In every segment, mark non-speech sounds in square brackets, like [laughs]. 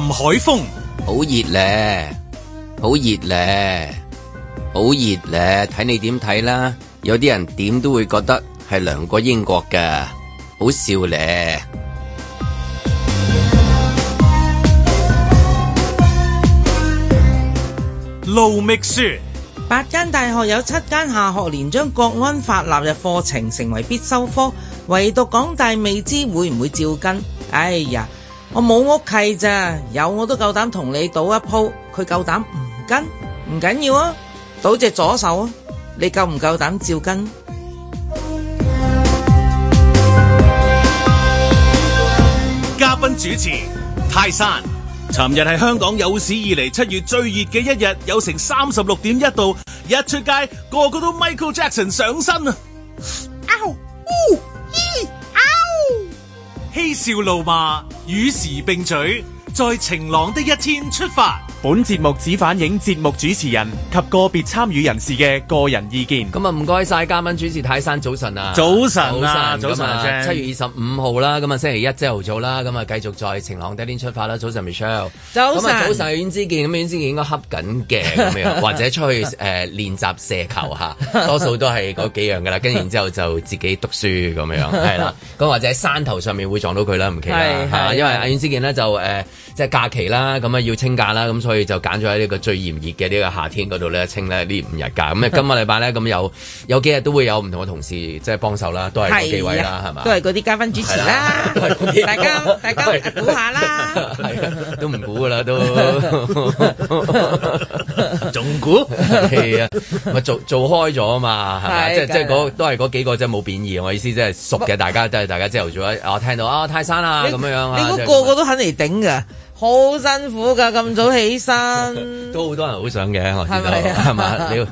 林海峰，好熱咧，好熱咧，好熱咧，睇你點睇啦。有啲人點都會覺得係涼過英國嘅，好笑咧。盧覓雪，八間大學有七間下學年將國安法納入課程成為必修科，唯獨港大未知會唔會照跟。哎呀！我冇屋契咋，有我都夠膽同你賭一鋪，佢夠膽唔跟，唔緊要啊，賭隻左手啊，你夠唔夠膽照跟？嘉賓主持泰山，尋日係香港有史以嚟七月最熱嘅一日，有成三十六點一度，一出街個個都 Michael Jackson 上身啊！嬉笑怒罵與時並舉，在晴朗的一天出發。本節目只反映節目主持人及個別參與人士嘅個人意見。咁啊，唔該晒嘉賓主持泰山早晨啊，早晨、啊、早晨早晨。七月二十五號啦，咁啊星期一朝頭早啦、啊，咁啊繼續在晴朗嘅一天出發啦。早晨 Michelle，早晨上。早晨阮之健，咁阮之健應該恰緊嘅咁樣，或者出去誒練習射球吓，多數都係嗰幾樣噶啦。跟住然之後就自己讀書咁樣，係啦。咁或者山頭上面會撞到佢啦，唔奇怪吓，因為阿阮之健呢，就誒。呃 [laughs] 即係假期啦，咁啊要清假啦，咁所以就揀咗喺呢個最炎熱嘅呢個夏天嗰度咧清咧呢五日假。咁啊今個禮拜咧咁有有幾日都會有唔同嘅同事即係幫手啦，都係嗰幾位啦，係嘛？都係嗰啲嘉賓主持啦，大家大家估下啦，都唔估㗎啦，都仲估啊，咪做做開咗啊嘛，即係即係嗰都係嗰幾個真係冇變異，我意思即係熟嘅，大家都係大家朝頭早啊，聽到啊泰山啊咁樣啊，你個個都肯嚟頂㗎？好辛苦噶咁早起身都好多人好想嘅，係咪啊？係嘛，你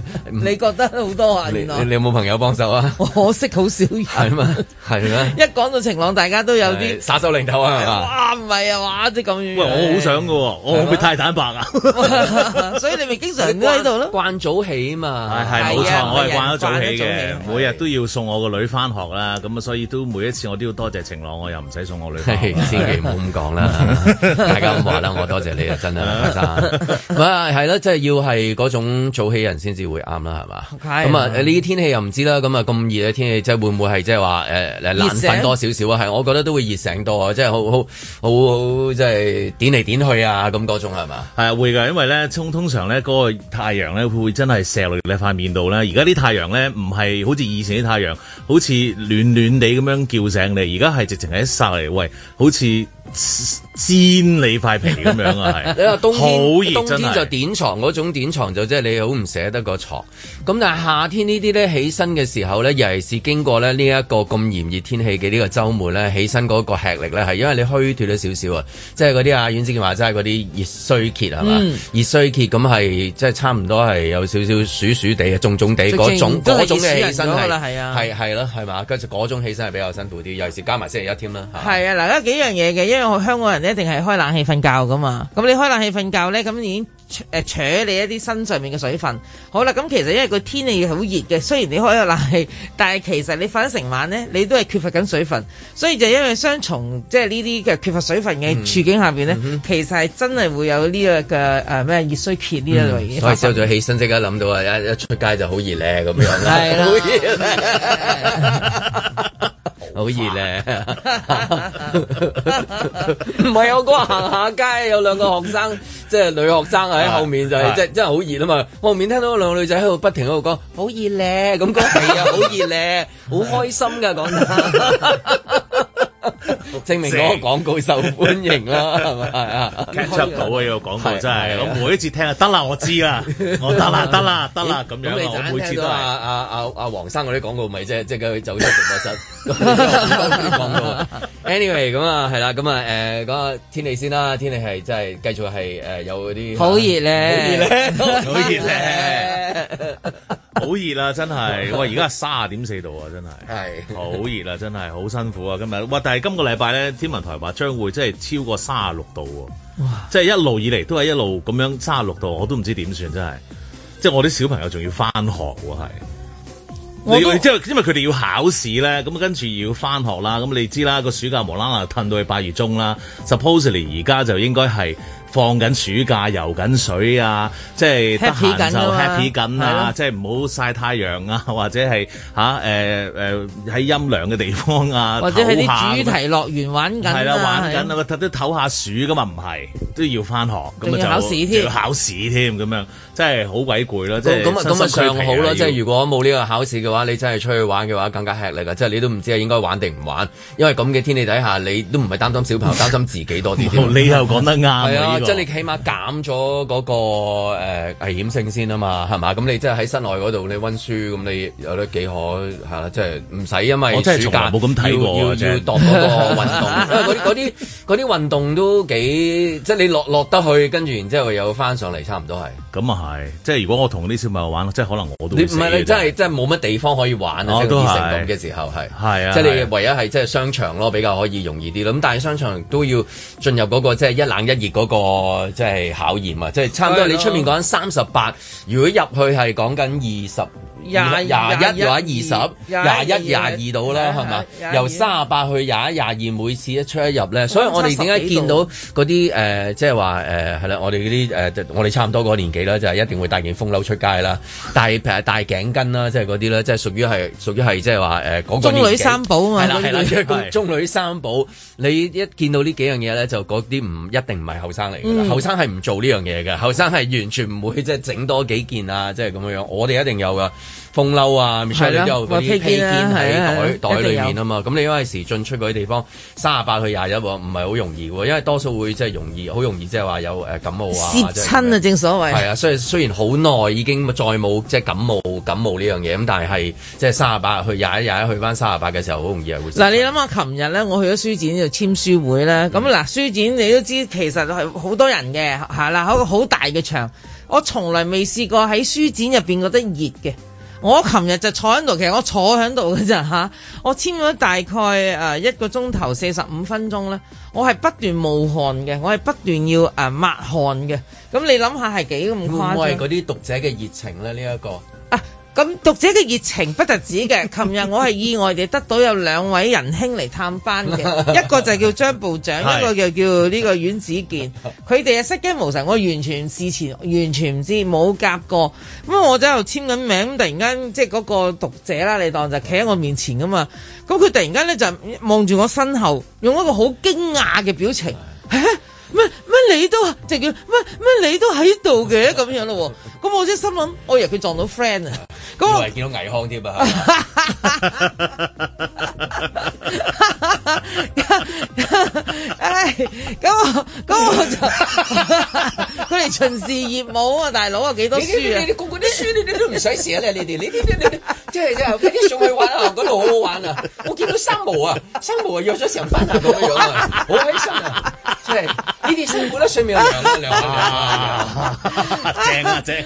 你覺得好多啊？原你有冇朋友幫手啊？我識好少人，係嘛？係咩？一講到晴朗，大家都有啲耍手擰頭啊？係嘛？哇，唔係啊，哇，即咁遠。喂，我好想噶，我會太坦白啊，所以你咪經常都喺度咯，慣早起嘛。係係冇錯，我係慣咗早起嘅，每日都要送我個女翻學啦。咁啊，所以都每一次我都要多謝晴朗，我又唔使送我女翻學。千祈唔好咁講啦，大家。咁話啦，我多謝你啊，真係，阿生， [laughs] 唔係係即係要係嗰種早起人先至會啱啦，係嘛？咁 [laughs] 啊，呢啲天氣又唔知啦，咁啊咁熱嘅天氣，即係會唔會係即係話誒冷瞓多少少啊？係、呃嗯， [laughs] 我覺得都會熱醒多啊，即、就、係、是、好好好好即係點嚟點去啊咁嗰種係嘛？係啊，會㗎，因為咧通通常咧嗰個太陽咧會真係射落你塊面度啦。而家啲太陽咧唔係好似以前啲太陽，好似暖暖地咁樣叫醒你，而家係直情係曬嚟喂，好似～煎你塊皮咁樣啊，係，好熱真係。冬天就典藏嗰種典藏，就即係你好唔捨得個床。咁但係夏天呢啲咧，起身嘅時候咧，尤其是經過咧呢一個咁炎熱天氣嘅呢個周末咧，起身嗰一個吃力咧，係因為你虛脫咗少少啊。即係嗰啲阿阮子健話齋嗰啲熱衰竭係嘛？熱衰竭咁係即係差唔多係有少少暑暑地啊，重重地嗰種嗰種嘅起身係係係咯，係嘛？跟住嗰種起身係比較辛苦啲，尤其是加埋星期一添啦。係啊，嗱，而家幾樣嘢嘅因為香港人一定係開冷氣瞓覺㗎嘛，咁你開冷氣瞓覺咧，咁已經誒扯、啊、你一啲身上面嘅水分。好啦，咁其實因為個天氣好熱嘅，雖然你開咗冷氣，但係其實你瞓成晚咧，你都係缺乏緊水分，所以就因為雙重即係呢啲嘅缺乏水分嘅處境下邊咧，嗯嗯、其實係真係會有呢、這個嘅誒咩熱衰竭呢一類嘢、嗯。所以朝早起身即刻諗到啊，一一出街就好熱咧咁樣啦，好熱。好熱咧，唔係 [laughs] [laughs] 我嗰日行下街，有兩個學生，即係女學生喺後面就 [laughs] 即係真係好熱啊嘛，我後面聽到兩個女仔喺度不停喺度講，好熱咧，咁講係啊，好熱咧，好 [laughs] 開心噶講。 [laughs] 證明嗰個廣告受歡迎啦，係咪？係啊，get 到啊！呢個廣告真係，我每一次聽啊，得啦，我知啦，我得啦，得啦，得啦，咁樣啊，我每次都阿阿阿阿黃生嗰啲廣告咪即係即係佢走出直播室。講呢啲廣告，anyway，咁啊，係啦，咁啊，誒，講下天氣先啦，天氣係真係繼續係誒，有嗰啲好熱咧，好熱咧，好熱咧。 [laughs] 好熱啦、啊，真係！哇，而家卅點四度啊，真係。係， [laughs] 好熱啦、啊，真係，好辛苦啊！今日，哇，但係今個禮拜咧，天文台話將會即係超過卅六度喎、啊。哇！ [laughs] 即係一路以嚟都係一路咁樣卅六度，我都唔知點算真係。即係我啲小朋友仲要翻學喎、啊，係。 [laughs] 你你知因為佢哋要考試咧、啊，咁啊跟住要翻學啦。咁你知啦，個暑假無啦啦褪到去八月中啦、啊。Supposedly 而家就應該係。放緊暑假遊緊水啊！即係得閒就 happy 緊啊！啊即係唔好晒太陽啊，或者係嚇誒誒喺陰涼嘅地方啊，或者喺啲主題樂園玩緊、啊。係啦、嗯啊，玩緊啊！特登、啊、都唞下暑噶嘛，唔係、啊、都要翻學咁就要考試添，咁樣真係好鬼攰咯！即係身咁咪上好咯！即係如果冇呢個考試嘅話，你真係出去玩嘅話更加吃力噶，即係你都唔知係應該玩定唔玩，因為咁嘅天氣底下，你都唔係擔心小朋友， [laughs] 擔心自己多啲。 [laughs] 你又講得啱、 [laughs] 啊。即係你起碼減咗嗰個誒危險性先啊嘛，係嘛？咁你即係喺室內嗰度你溫書，咁你有得幾可係啦？即係唔使因為暑假冇咁睇過嘅啫。要要度嗰個運動，嗰啲嗰啲運動都幾，即係你落落得去，跟住然之後又有翻上嚟，差唔多係，咁啊係，即係如果我同啲小朋友玩，即係可能我都唔係你真係真係冇乜地方可以玩啊！即係熱成咁嘅時候係，係啊，即係你唯一係即係商場咯，比較可以容易啲咯。咁但係商場都要進入嗰個即係一冷一熱嗰個。哦，即係考驗啊！即係差唔多你 38, 的，你出面講緊三十八，如果入去係講緊二十。廿廿一或者二十，廿一廿二度啦，係嘛？由卅八去廿一廿二，每次一出一入咧，所以我哋點解見到嗰啲誒，即係話誒，係啦，我哋嗰啲誒，我哋差唔多嗰年紀啦，就係一定會帶件風褸出街啦。但係誒，帶頸巾啦，即係嗰啲咧，即係屬於係屬於係即係話誒，中女三寶啊嘛，係啦係啦，中女三寶，你一見到呢幾樣嘢咧，就嗰啲唔一定唔係後生嚟嘅，後生係唔做呢樣嘢嘅，後生係完全唔會即係整多幾件啊，即係咁樣樣。我哋一定有噶。風褸啊，咁之後嗰啲披肩喺袋袋裏面啊嘛，咁你陣時進出嗰啲地方，三十八去廿一喎，唔係好容易喎，因為多數會即係容易，好容易即係話有誒感冒、就是、啊，濕親啊正所謂。係啊，所以雖然好耐已經再冇即係感冒感冒呢樣嘢，咁但係係即係三十八去廿一，廿一去翻三十八嘅時候，好容易係會。嗱你諗下，琴日咧我去咗書展度簽書會咧，咁嗱的書展你都知其實係好多人嘅，係啦，喺個好大嘅場， [laughs] 我從來未試過喺書展入邊覺得熱嘅。我琴日就坐喺度，其實我坐喺度嘅咋嚇，我簽咗大概誒一個鐘頭四十五分鐘咧，我係不斷冒汗嘅，我係不斷要誒抹汗嘅，咁你諗下係幾咁誇張？我係嗰啲讀者嘅熱情咧，呢、這、一個。咁讀者嘅熱情不特止嘅，琴日我係意外地得到有兩位仁兄嚟探班嘅， [laughs] 一個就叫張部長， [laughs] 一個就叫呢個阮子健，佢哋啊失驚無神，我完全事前完全唔知冇夾過，咁我就喺度簽緊名，突然間即係嗰個讀者啦，你當就企喺我面前噶嘛，咁佢突然間咧就望住我身後，用一個好驚訝嘅表情，乜乜、 [laughs] 欸、你都即叫乜乜你都喺度嘅咁樣咯。咁我先心諗，我以為佢撞到 friend 啊，咁、 [laughs] 哎、我，我係見到倪康添啊，唉，咁我，咁我就，佢哋巡視業務啊，大佬啊，幾多書啊，你你個啲書你你都唔使寫咧，你哋，你啲啲即係即係，啲上去玩啊，嗰度好好玩啊，我見到三毛，三毛啊，三毛啊約咗成班人咁樣啊，好開心啊，係，你哋全部都睡眠良好啊，良好啊，正啊正。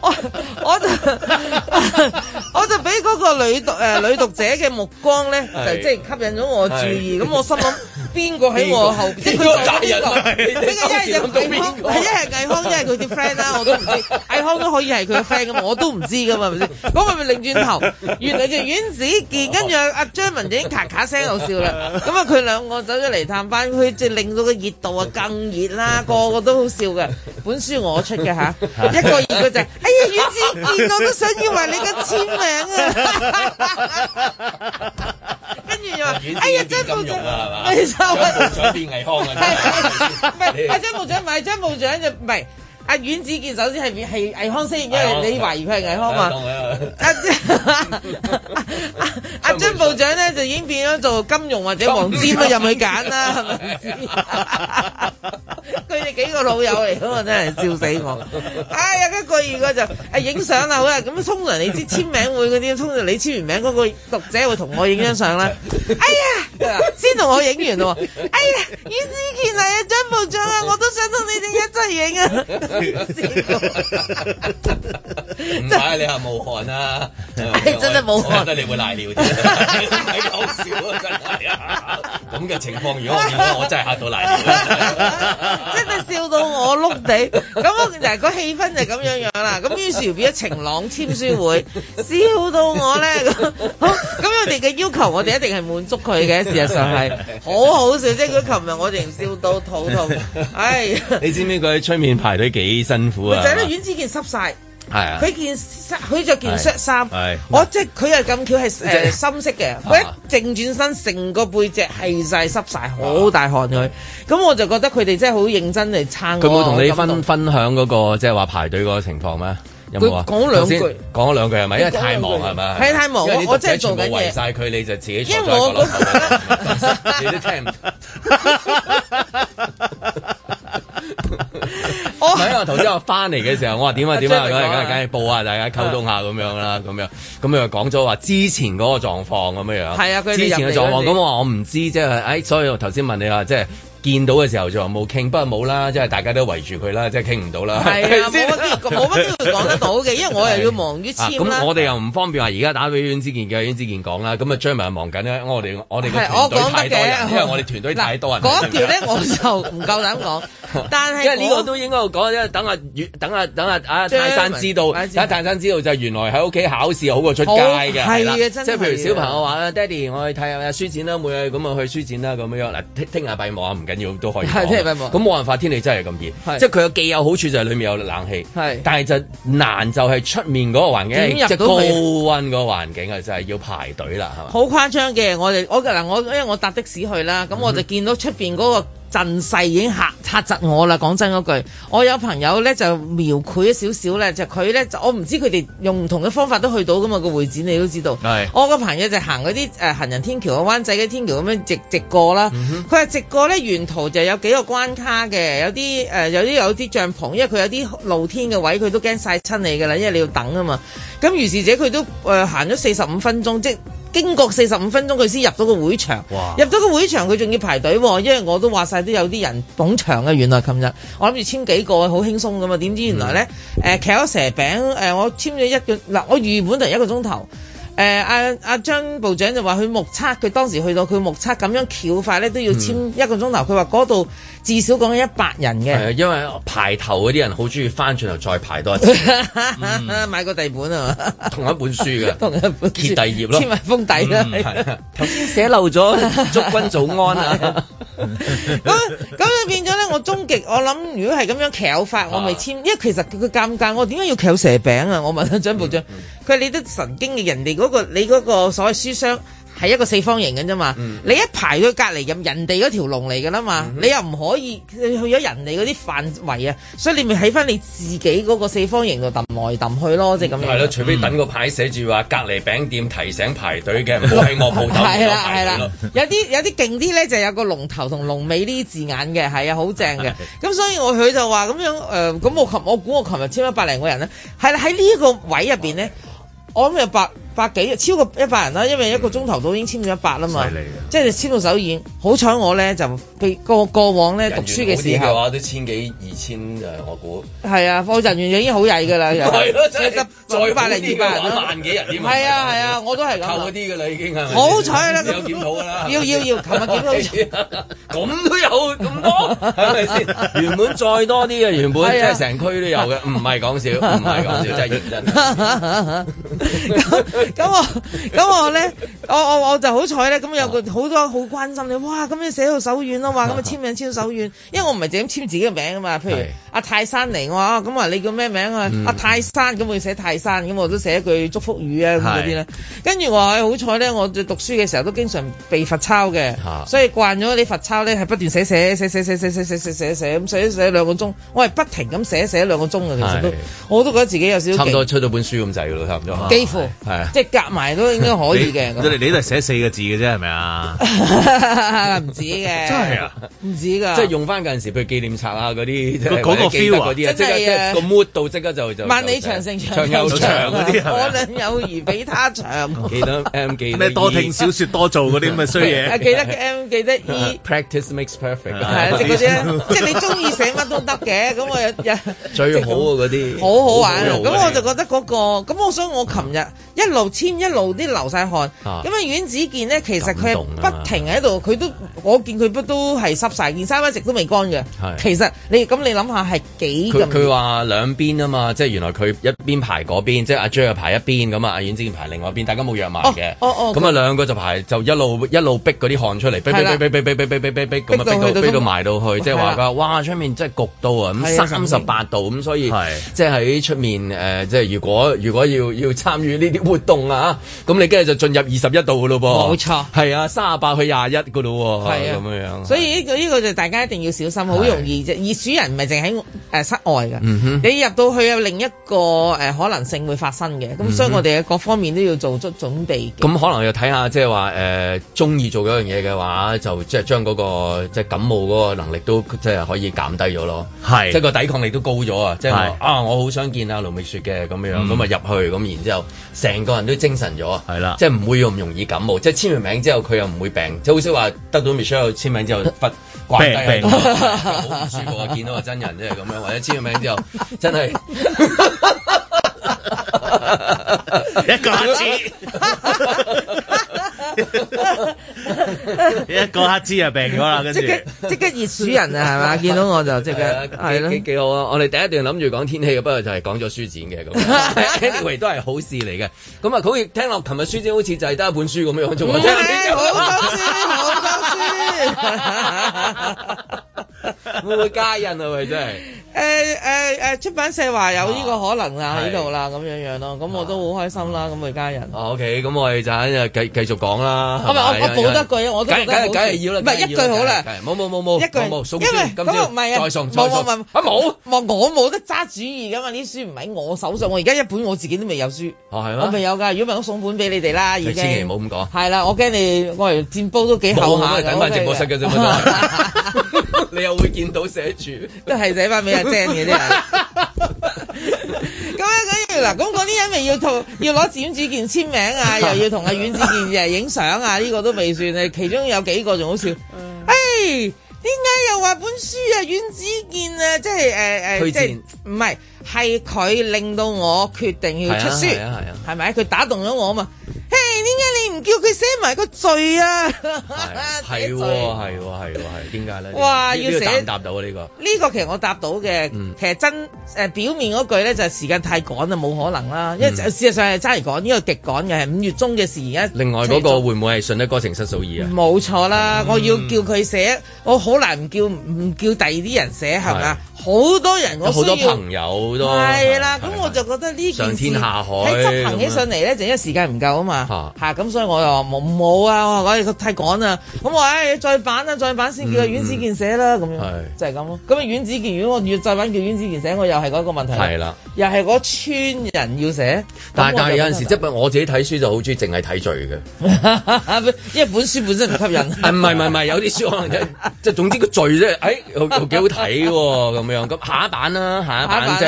我我就我就俾嗰個女讀誒女讀者嘅目光咧，就即係吸引咗我注意。咁我心諗，邊個喺我後邊？邊個第一個？邊個？一係阿藝康，一係藝康，一係佢啲 friend 啦，我都唔知。藝康都可以係佢嘅 friend，咁，我都唔知噶嘛，係咪先？咁我咪擰轉頭，原來就阮子健，跟住阿張文已經咔咔聲就笑啦。咁啊，佢兩個走咗嚟探翻，佢就令到個熱度啊更熱啦，個個都好笑嘅。本書我出嘅嚇，一個二句就。哎呀，宇智， [laughs] 我都想要埋你嘅簽名啊 [laughs] 跟！跟住又，哎呀， [laughs] 張部 [laughs] 長,長，未收。張部長變藝康啊！唔係，阿張部長唔係張部長就唔係。阿阮子健首先係係魏康先，因為你懷疑佢係魏康、哎哦、嘛？阿阿阿張部長咧就已經變咗做金融或者黃尖啦，入去揀啦，係咪？佢 [laughs] 哋幾個老友嚟噶嘛， [laughs] 我真係笑死我！哎呀，跟住如果就啊影相啊，好啦，咁通常你知簽名會嗰啲，通常你簽完名嗰、嗰個讀者會同我影張相啦。哎呀，先同我影完咯喎！哎呀，阮子健啊，張部長啊，我都想同你哋一齊影啊！ [laughs] 唔係你係冇汗啦，真係冇汗，我覺得你會瀨尿添，太搞笑啦！咁嘅，哎、情況，如果我見到，我真係吓到瀨尿，真係，啊，、 [laughs] 笑到我碌地。咁啊，就係個氣氛就咁樣樣啦。咁於是變咗晴朗簽書會，笑到我咧咁。咁 [laughs] 我哋嘅要求，我哋一定係滿足佢嘅。事實上係好好笑，即係佢琴日我哋唔笑到肚痛。唉、哎，你知唔知佢喺出面排隊幾？幾辛苦啊！就係咧，阮子健濕晒，係啊，佢件佢着件恤衫，係，我即係佢係咁巧係誒深色嘅，佢一正轉身，成個背脊係晒濕晒，好大汗佢。咁我就覺得佢哋真係好認真嚟撐。佢冇同你分分享嗰個即係話排隊嗰個情況咩？有冇啊？講兩句，講咗兩句係咪？因為太忙係咪？係太忙，我真係做緊嘢。因為圍晒佢，你就自己做。因為我我聽唔到！ [music] 哦、我喺我頭先我翻嚟嘅時候我怎樣怎樣，我話點啊點啊，梗樣咁樣，咁報下、啊、大家溝通下咁樣啦，咁樣咁又講咗話之前嗰個狀況咁樣樣，係啊、嗯，佢之前嘅狀況咁我話我唔知，即係誒，所以我頭先問你話即係。就是見到嘅時候就話冇傾，不過冇啦，即係大家都圍住佢啦，即係傾唔到啦。係啊，冇乜都冇乜講得到嘅，因為我又要忙於簽啦。咁我哋又唔方便話，而家打俾袁子健嘅袁子健講啦。咁啊 j a 忙緊，我哋我哋嘅團隊太多，因為我哋團隊太多人。嗰條咧我就唔夠膽講，但係呢個都應該講，因等下等下等阿啊泰山知道，等阿泰山知道就原來喺屋企考試好過出街嘅。即係譬如小朋友話啦，爹哋我去睇下書展啦，每日咁啊去書展啦咁樣。嗱，聽下日閉幕啊，緊要都可以，咁冇 [noise] 辦法，天氣真係咁熱，是即係佢嘅既有好處就係裏面有冷氣，是但係就難就係出面嗰個環境，即係高溫個環境啊，就係要排隊啦，係嘛，好誇張嘅，我哋我嗱我因為我搭的士去啦，咁、嗯、我就見到出邊嗰個。陣勢已經嚇嚇窒我啦！講真嗰句，我有朋友咧就描繪少少咧，就佢咧就我唔知佢哋用唔同嘅方法都去到㗎嘛。個會展你都知道。是我個朋友就行嗰啲誒行人天橋，個灣仔嘅天橋咁樣直直過啦。佢係、嗯、哼直過咧，沿途就有幾個關卡嘅，有啲誒、呃、有啲有啲帳篷，因為佢有啲露天嘅位，佢都驚晒親你噶啦，因為你要等啊嘛。咁於是者佢都誒、呃、行咗四十五分鐘即。經過四十五分鐘，佢先入到個會場。哇入到個會場，佢仲要排隊喎，因為我都話晒都有啲人捧場嘅。原來琴日我諗住簽幾個，好輕鬆㗎嘛，點知原來呢，誒騎咗蛇餅，誒、呃、我簽咗一個嗱、呃，我預本就一個鐘頭。誒阿阿張部長就話佢目測，佢當時去到佢目測咁樣翹法呢，都要簽一個鐘頭。佢話嗰度。至少講一百人嘅，係啊，因為排頭嗰啲人好中意翻轉頭再排多一次，買過第二本啊，同一本書嘅，同一本。揭第頁咯，簽埋封底啦。頭先寫漏咗祝君早安啊，咁咁就變咗咧。我終極，我諗如果係咁樣撬法，我未簽。因為其實佢佢尷尬，我點解要撬蛇餅啊？我問阿張部長，佢話你都神經嘅，人哋嗰個，你嗰個所謂書箱。係一個四方形嘅啫嘛，嗯、你一排到隔籬咁，人哋嗰條龍嚟噶啦嘛，嗯、哼你又唔可以去咗人哋嗰啲範圍啊，所以你咪喺翻你自己嗰個四方形度揼來揼去咯，即係咁樣。係咯，除非等個牌寫住話隔籬餅店提醒排隊嘅，唔好喺我鋪頭。係啦係啦，有啲有啲勁啲咧，就是、有個龍頭同龍尾呢啲字眼嘅。係啊，好正嘅。咁的所以我佢就話咁樣，誒、呃，咁我琴我，我估我琴日簽咗百零個人啦，係啦喺呢個位入邊咧。 [laughs] [laughs] 我諗有百百幾，超過一百人啦，因為一個鐘頭到已經簽咗一百啦嘛，即係你簽到手已軟。好彩我咧就過過往咧讀書嘅時候，都千幾二千誒，我估係啊，我人員已經好曳噶啦，再再百零二百人，萬幾人點係啊係啊，我都係咁。靠嗰啲噶啦已經啊，好彩啦，要要要，琴日檢討咁都有咁多，係咪先？原本再多啲嘅，原本即係成區都有嘅，唔係講笑，唔係講笑，真係認真。咁 [laughs] 咁我咁我咧，我我我就好彩咧，咁有好多好關心你，哇！咁你寫到手軟啊嘛，咁啊簽名簽到手軟，因為我唔係淨係簽自己嘅名啊嘛，譬如阿是泰山嚟，我話咁你叫咩名啊？阿泰山咁會寫泰山，咁我都寫一句祝福語啊咁嗰啲啦。跟住話好彩咧，是我，我讀書嘅時候都經常被罰抄嘅，是所以慣咗你罰抄咧係不斷寫寫寫寫寫寫寫寫寫寫咁寫寫兩個鐘，我係不停咁寫寫兩個鐘啊，其實都是我都覺得自己有少少。差唔多出咗本書咁滯咯，差唔多。幾乎係即係夾埋都應該可以嘅。你你都係寫四個字嘅啫係咪啊？唔止嘅，真係啊，唔止㗎。即係用翻嗰陣時，譬如紀念冊啊嗰啲，嗰個 feel 嗰啲即係個 mood 到即刻就就萬里長城長又長嗰啲我倆友誼比他長。記得 M 記。咩多聽小説多做嗰啲咁嘅衰嘢。記得 M 記得 E。Practice makes perfect 即係你中意寫乜都得嘅，咁我一最好嗰啲。好好玩啊！咁我就覺得嗰個，咁我想我一路簽一路啲流晒汗，咁啊阮子健咧，其實佢不停喺度，佢都我見佢不都係濕晒件衫，一直都未乾嘅。其實你咁你諗下係幾？佢佢話兩邊啊嘛，即係原來佢一邊排嗰邊，即係阿張又排一邊咁啊，阿阮子健排另外一邊，大家冇約埋嘅。哦哦，咁啊兩個就排就一路一路逼嗰啲汗出嚟，逼逼逼逼逼逼逼逼逼逼，咁啊逼到埋到去，即係話佢話哇出面真係焗到啊，三十八度咁，所以即係喺出面誒，即係如果如果要要參與呢啲活動啊，咁你跟住就進入二十一度嘅咯，冇錯，係啊，三十八去廿一嘅咯，係咁樣樣。啊、所以呢、這個呢、這個就大家一定要小心，好、啊、容易啫。熱鼠人唔係淨喺誒室外嘅，嗯、哼你入到去有另一個誒可能性會發生嘅。咁、嗯哼嗯、所以我哋嘅各方面都要做足準備。咁、嗯、可能又睇下，即係話誒中意做嗰樣嘢嘅話，就即係將嗰、那個即係、就是、感冒嗰個能力都即係可以減低咗咯，係、啊，即係個抵抗力都高咗、就是、啊！即係啊，我好想見阿盧美雪嘅咁樣，咁咪入去咁，然之後，後。成個人都精神咗，係啦，即係唔會咁容易感冒。是的 即係簽完名之後，佢又唔會病，即係好似話得到 Michelle 簽名之後，忽怪病，好唔 [laughs] 舒服啊！ [laughs] 見到個真人即係咁樣，或者簽完名之後真係。 [laughs] [laughs] [laughs] [laughs] 一個黑刻 [laughs] 一個乞嗤就病咗啦。即刻即刻熱暑人啊，係嘛？ [laughs] 見到我就即刻係咯，哎呀啊，幾好啊！我哋第一段諗住講天氣嘅，不過就係講咗書展嘅，咁，Anyway 都係好事嚟嘅。咁啊，佢好似聽落琴日書展，好似就係得一本書咁樣啫嘛。 [laughs] 嗯嗯，好好 [laughs] 多 [laughs] 會唔會加印啊？喂，真係誒誒誒，出版社話有呢個可能啦，喺度啦，咁樣樣咯，咁我都好開心啦，咁佢加印。OK 咁我哋就繼續講啦。我咪我我補多句，我梗梗梗係要啦。唔係一句好啦，冇冇冇冇，一句，冇因為咁唔係啊，冇冇冇，冇，我冇得揸主意噶嘛，啲書唔喺我手上，我而家一本我自己都未有書。我未有噶，如果唔係我送本俾你哋啦。千祈唔好咁講。係啦，我驚你我嚟剪刀都幾厚下。我梗係等翻直播室嘅啫。你又會見到寫住都係寫返畀， [laughs] [laughs] 咪阿正嘅啲人要。咁樣咁要嗱，咁嗰啲人咪要同要攞阮子健簽名啊，又要同阿阮子健誒影相啊，呢、這個都未算。其中有幾個仲好笑。誒、嗯，點解、哎、又話本書啊？阮子健啊，即係誒誒，呃呃、薦即係唔係？係佢令到我決定要出書，係啊係啊係咪？佢、啊啊啊、打動咗我啊嘛。嘿，點解、hey, 你唔叫佢寫埋個序啊？係係係係，點解咧？哇，要答答到呢個呢個其實我答，答到嘅，嗯、其實真誒、呃、表面嗰句咧就係、時間太趕啦，冇可能啦。嗯、因為事實上係差係趕，呢、呢個極趕嘅係五月中嘅事。而家另外嗰個會唔會係順得哥情失嫂意啊？冇錯啦，嗯、我要叫佢寫，我好難唔叫唔叫第二啲人寫，係咪啊？好是多人我好多朋友都係啦。咁我就覺得呢件喺執行起上嚟咧，啊、就因為時間唔夠啊嘛。係，咁，所以我又冇啊，我話我太趕啦，咁我誒再版啦，再版先叫阮子健寫啦，咁樣，就係咁咯。咁啊阮子健，阮果再版叫阮子健寫，我又係嗰一個問題，係啦，又係嗰村人要寫。但係但係有陣時，即係我自己睇書就好中意淨係睇序嘅，因為本書本身唔吸引。唔係唔係，有啲書可能即係總之個序咧，誒又幾好睇喎，咁樣咁下一版啦，下一版即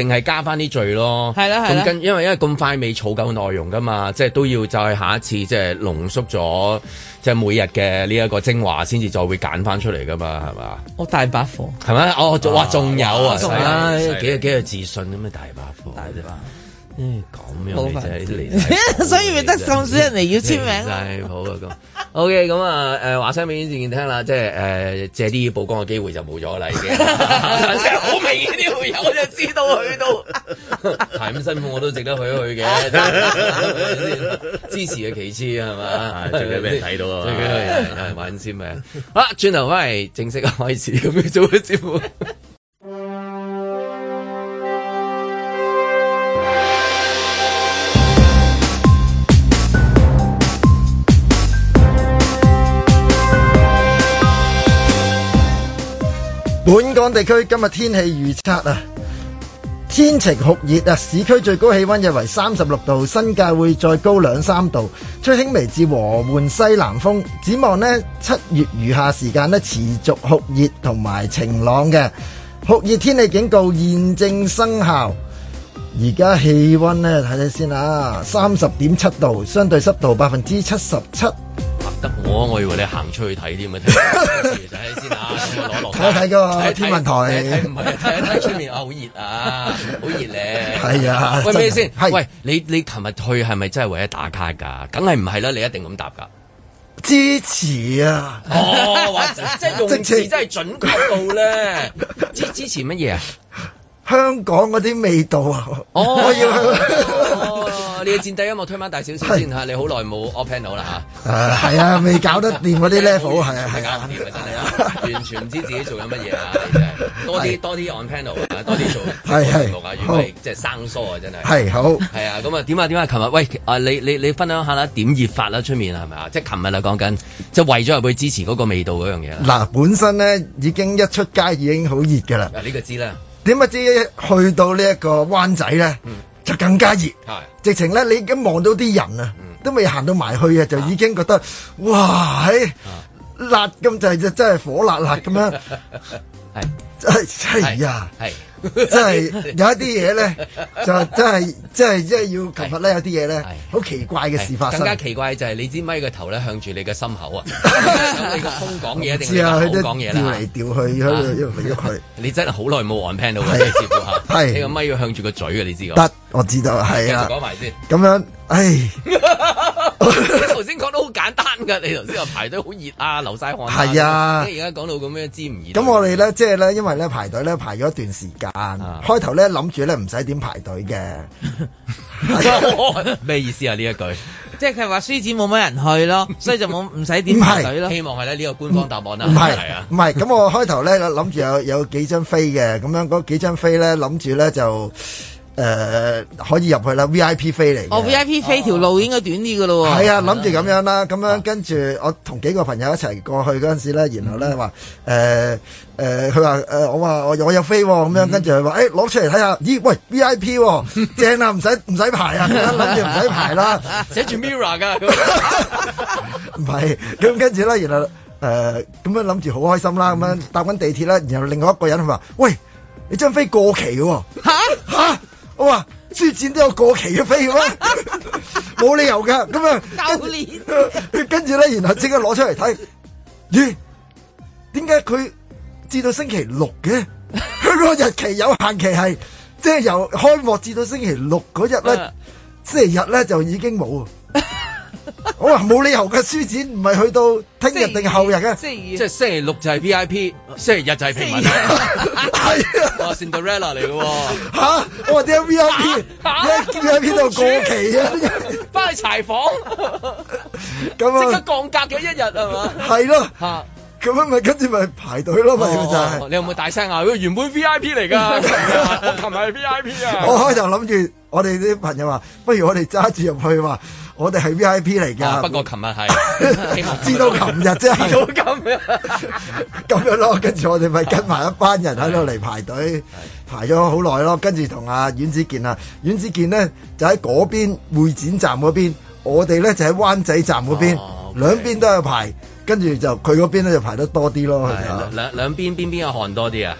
係淨係加翻啲序咯，係啦係咁跟因為因為咁快未儲夠內容噶嘛，即係都要。要再下一次即係濃縮咗，即係每日嘅呢一個精華，先至再會揀翻出嚟噶嘛，係嘛？哦，大百貨係咪？哦，哇仲有啊，有幾日幾日自信咁咩？大百貨。大咁樣嘅啫，所以得咁少人嚟，要簽名。係好啊，咁 OK，咁啊，誒，話聲，俾燕燕聽啦，即係誒，借啲曝光嘅機會就冇咗啦，即係好明顯啲網友就知道去到係咁辛苦，我都值得去一去嘅，支持嘅其次係嘛，最緊要俾人睇到啊，有人買新簽名。好，轉頭翻嚟正式開始咁樣做嘅節目。本港地區今日天氣預測啊，天晴酷熱啊，市區最高氣溫約為三十六度，新界會再高兩三度，吹輕微至和緩西南風。展望呢七月餘下時間呢，持續酷熱同埋晴朗嘅酷熱天氣警告現正生效。而家氣溫呢，睇睇先啊，三十點七度，相對濕度百分之七十七。我，我以為你行出去睇添，睇先啊！我睇個天文台，唔係睇睇出面好熱啊，好熱咧！係啊，哎、呀喂，咩先的？喂，的是你你琴日去係咪真係為咗打卡㗎？梗係唔係啦？你一定咁答㗎。支持啊！哦，或者即係用詞真係準確到咧。支 [laughs] 支持乜嘢啊？香港嗰啲味道啊！哦、我要。哦 [laughs] 你嘅戰地音樂推翻大少少先嚇，你好耐冇 on panel 啦嚇。係啊，未搞得掂嗰啲 level 係啊，係啊，完全唔知自己做緊乜嘢啊！多啲多啲 on panel 多啲做，係係好啊。如果即係生疏啊，真係係好。係啊，咁啊點啊點啊？琴日喂啊，你你你分享下啦，點熱法啦出面係咪啊？即係琴日啊，講緊即係為咗入去支持嗰個味道嗰樣嘢。嗱，本身咧已經一出街已經好熱㗎啦。嗱，呢個知啦。點啊？知去到呢一個灣仔咧？就更加熱，的直情咧你已經望到啲人啊，嗯、都未行到埋去啊，的就已經覺得哇喺、哎啊、辣咁就係真係火辣辣咁樣。係。係呀，真係有一啲嘢咧，就真係真係即係要求佛咧。有啲嘢咧，好奇怪嘅事發生。更加奇怪就係你支咪個頭咧向住你嘅心口啊！你個空講嘢定係行講嘢嚟掉去，喐喐去。你真係好耐冇玩 p a n 到嘅接你個咪要向住個嘴嘅，你知道？得，我知道。係啊，講埋先。咁樣，唉！你頭先講得好簡單㗎，你頭先話排隊好熱啊，流晒汗。係啊，而家講到咁樣知唔熱？咁我哋咧，即係咧，因為。咧排隊咧排咗一段時間，開頭咧諗住咧唔使點排隊嘅。咩意思啊？呢一句， [laughs] 即係佢話書展冇乜人去咯，所以就冇唔使點排隊咯。是希望係咧呢個官方答案啦，唔係啊，唔係。咁我開頭咧諗住有有幾張飛嘅，咁樣嗰幾張飛咧諗住咧就。誒，可以入去啦，V I P 飛嚟。哦 V I P 飛條路應該短啲噶咯。係啊，諗住咁樣啦，咁樣跟住我同幾個朋友一齊過去嗰陣時咧，然後咧話，誒，誒，佢話，誒，我話我我有飛咁樣，跟住佢話，誒，攞出嚟睇下，咦，喂，V I P，正啊，唔使唔使排啊，諗住唔使排啦，寫住 Mirror 噶。唔係，咁跟住咧，然後誒，咁樣諗住好開心啦，咁樣搭緊地鐵啦，然後另外一個人佢話，喂，你張飛過期噶。吓吓！我話書展都有過期嘅飛嘅咩？冇 [laughs] 理由噶，咁啊，跟住咧，然後即刻攞出嚟睇，咦？點解佢至到星期六嘅？香 [laughs] 港日期有限期係，即係由開幕至到星期六嗰日咧， [laughs] 星期日咧就已經冇啊。 [laughs] 我話冇理由嘅書展唔係去到聽日定後日嘅、啊， [laughs] 即係星期六就係 V I P，星期日就係平民，係 [laughs] [laughs] 啊，是杜蕾斯嚟嘅，吓我話點解 V I P，v i p 度過期啊？翻 [laughs] 去柴房，咁 [laughs] 即 [laughs] 刻降格嘅一日係嘛？係 [laughs] 咯、嗯，吓咁樣咪跟住咪排隊咯，咪就你有冇大聲啊？原本 V I P 嚟噶，我琴日 V I P 啊，我開頭諗住我哋啲朋友話，不如我哋揸住入去話。我哋係 V I P 嚟噶，不過琴日係，知道琴日啫，知道咁樣咁 [laughs] 樣、啊、咯。跟住我哋咪跟埋一班人喺度嚟排隊，排咗好耐咯。跟住同阿阮子健啊，阮子健咧就喺嗰邊會展站嗰邊，我哋咧就喺灣仔站嗰邊，兩邊、哦 okay、都有排。跟住就佢嗰邊咧就排得多啲咯。兩兩邊邊邊個汗多啲啊！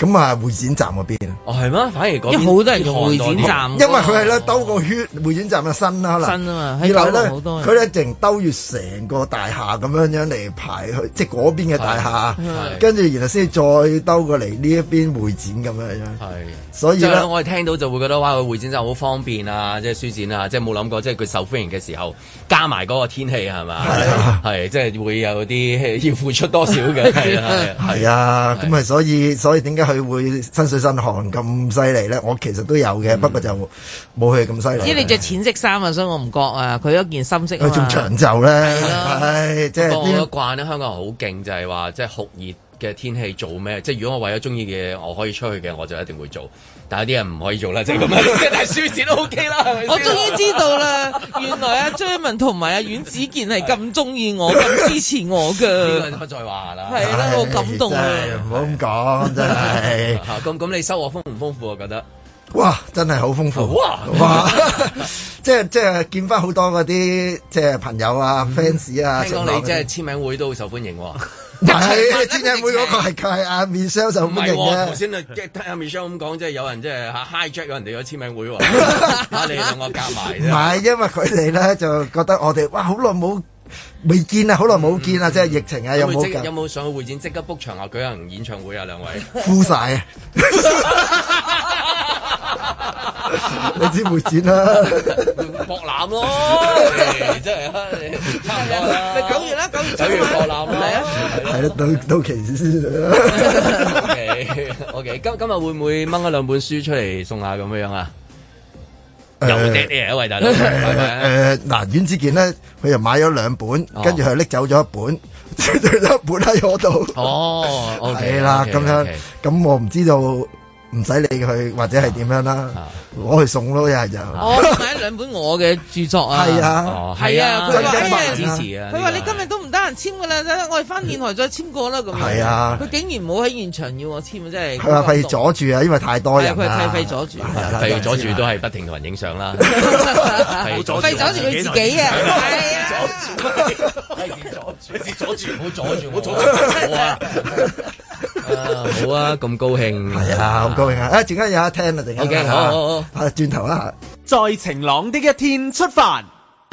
咁啊，會展站嗰邊哦，係咩？反而嗰邊，因為好多係用會展站，因為佢係咧兜個圈，會展站嘅新啦。新啊嘛，然後咧佢咧成兜住成個大廈咁樣樣嚟排去，即係嗰邊嘅大廈，跟住然後先至再兜過嚟呢一邊會展咁樣樣。係，所以咧，我哋聽到就會覺得哇，個會展站好方便啊，即係書展啊，即係冇諗過，即係佢受歡迎嘅時候加埋嗰個天氣係嘛？係，即係會有啲要付出多少嘅係啊。係啊，咁咪所以所以點解？佢會身水身汗咁犀利咧，我其實都有嘅，嗯、不過就冇佢咁犀利。知你着淺色衫啊，所以我唔覺啊。佢一件深色，佢仲長袖咧。係啦，即係啲慣咧。香港人好勁，就係話即係酷熱嘅天氣做咩？即係如果我為咗中意嘅，我可以出去嘅，我就一定會做。但有啲人唔可以做啦，即係咁，即係書展都 OK 啦，我終於知道啦，原來阿張文同埋阿阮子健係咁中意我，咁支持我噶。呢個再話啦。係啦，好感動啊！唔好咁講，真係。咁咁，你收穫豐唔豐富我覺得哇，真係好豐富哇哇！即係即係見翻好多嗰啲即係朋友啊 fans 啊，聽講你即係簽名會都好受歡迎喎。唔係，簽名會嗰個係阿 Michelle 就唔係，我頭先啊即係阿 Michelle 咁講，即係有人即係吓 hijack 人哋個簽名會喎，你兩個夾埋。唔係因為佢哋咧就覺得我哋哇好耐冇未見啊，好耐冇見啊，即係疫情啊有冇。有冇上去會展即刻 book 場啊舉行演唱會啊？兩位呼晒啊！你知會展啦，博覽咯，真係差唔多啦。咪九月啦，九月九月博覽咯，係啊，係啦，到到期先先啦。O K，O K，今今日會唔會掹一兩本書出嚟送下咁樣啊？有啲嘢，一位大佬，誒，阮子健咧，佢又買咗兩本，跟住佢拎走咗一本，剩低一本喺我度。哦，OK 啦，咁樣，咁我唔知道。唔使理佢，或者係點樣啦，攞去送咯，又係就。我買兩本我嘅著作啊。係啊，係啊，佢話咩支持啊？佢話你今日都唔得閒簽㗎啦，我哋翻電台再簽過啦咁。係啊。佢竟然冇喺現場要我簽，真係。係阻住啊，因為太多人啦。係啊，費阻住。費阻住都係不停同人影相啦。費阻住佢自己啊。係啊。阻住。係唔阻住？只阻住唔好阻住，唔好阻住我啊！好啊，咁高興係啊。啊！陣間有得聽啦，陣間。O K，好，啊轉頭啦嚇。在晴朗的一天出發。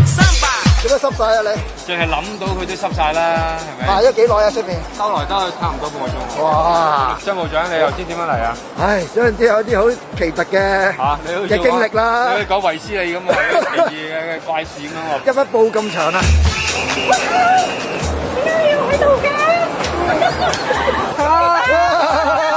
三百，點解濕曬啊你？淨係諗到佢都濕曬啦，係咪？行咗幾耐啊出面？兜來兜去差唔多半個鐘。哇！張部長你又知點樣嚟啊？唉，總之有啲好奇特嘅嚇嘅經歷啦。講維斯利咁啊，啲嘅怪事咁啊。一筆報咁長啊！點解要喺度嘅。啊！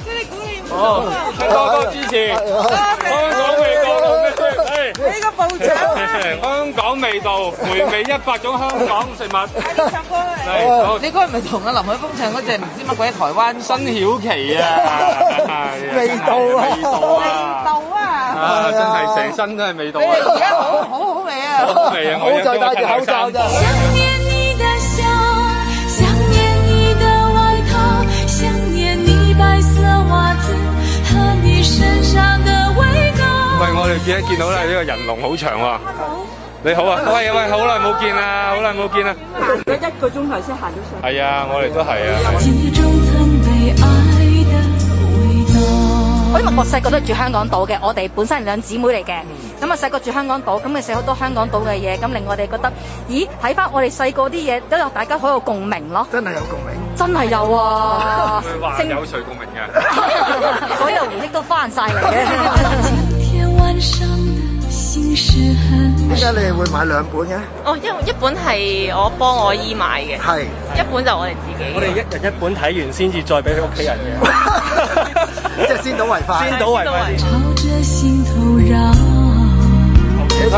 哦，多多支持！香港味道，香港味道，回味一百種香港食物。你歌，呢個唔係同阿林海峰唱嗰隻唔知乜鬼台灣辛曉琪啊？味道味道味道啊！真係成身都係味道。而家好好好味啊，好味啊！好在戴住口罩咋。喂，我哋見一見到咧，呢、呢個人龍好長喎。Hello? 你好啊，喂喂，好耐冇見啦，好耐冇見啦。行咗一個鐘頭先行咗上。係啊，我哋都係啊。我因為我細個都住香港島嘅，我哋本身係兩姊妹嚟嘅，咁啊細個住香港島，咁你食好多香港島嘅嘢，咁令我哋覺得，咦，睇翻我哋細個啲嘢，都有大家好有共鳴咯。真係有共鳴。真係有啊。話 [laughs] [laughs] 有誰共鳴嘅？所有 [laughs] [laughs] 回憶都翻晒嚟嘅。 [laughs] 點解你哋會買兩本嘅？哦，一一本係我幫我姨買嘅，係是一本就我哋自己。我哋一人一本睇完 [laughs] [laughs] [laughs] 先至再俾佢屋企人嘅，即係先睹為快。對先睹為快後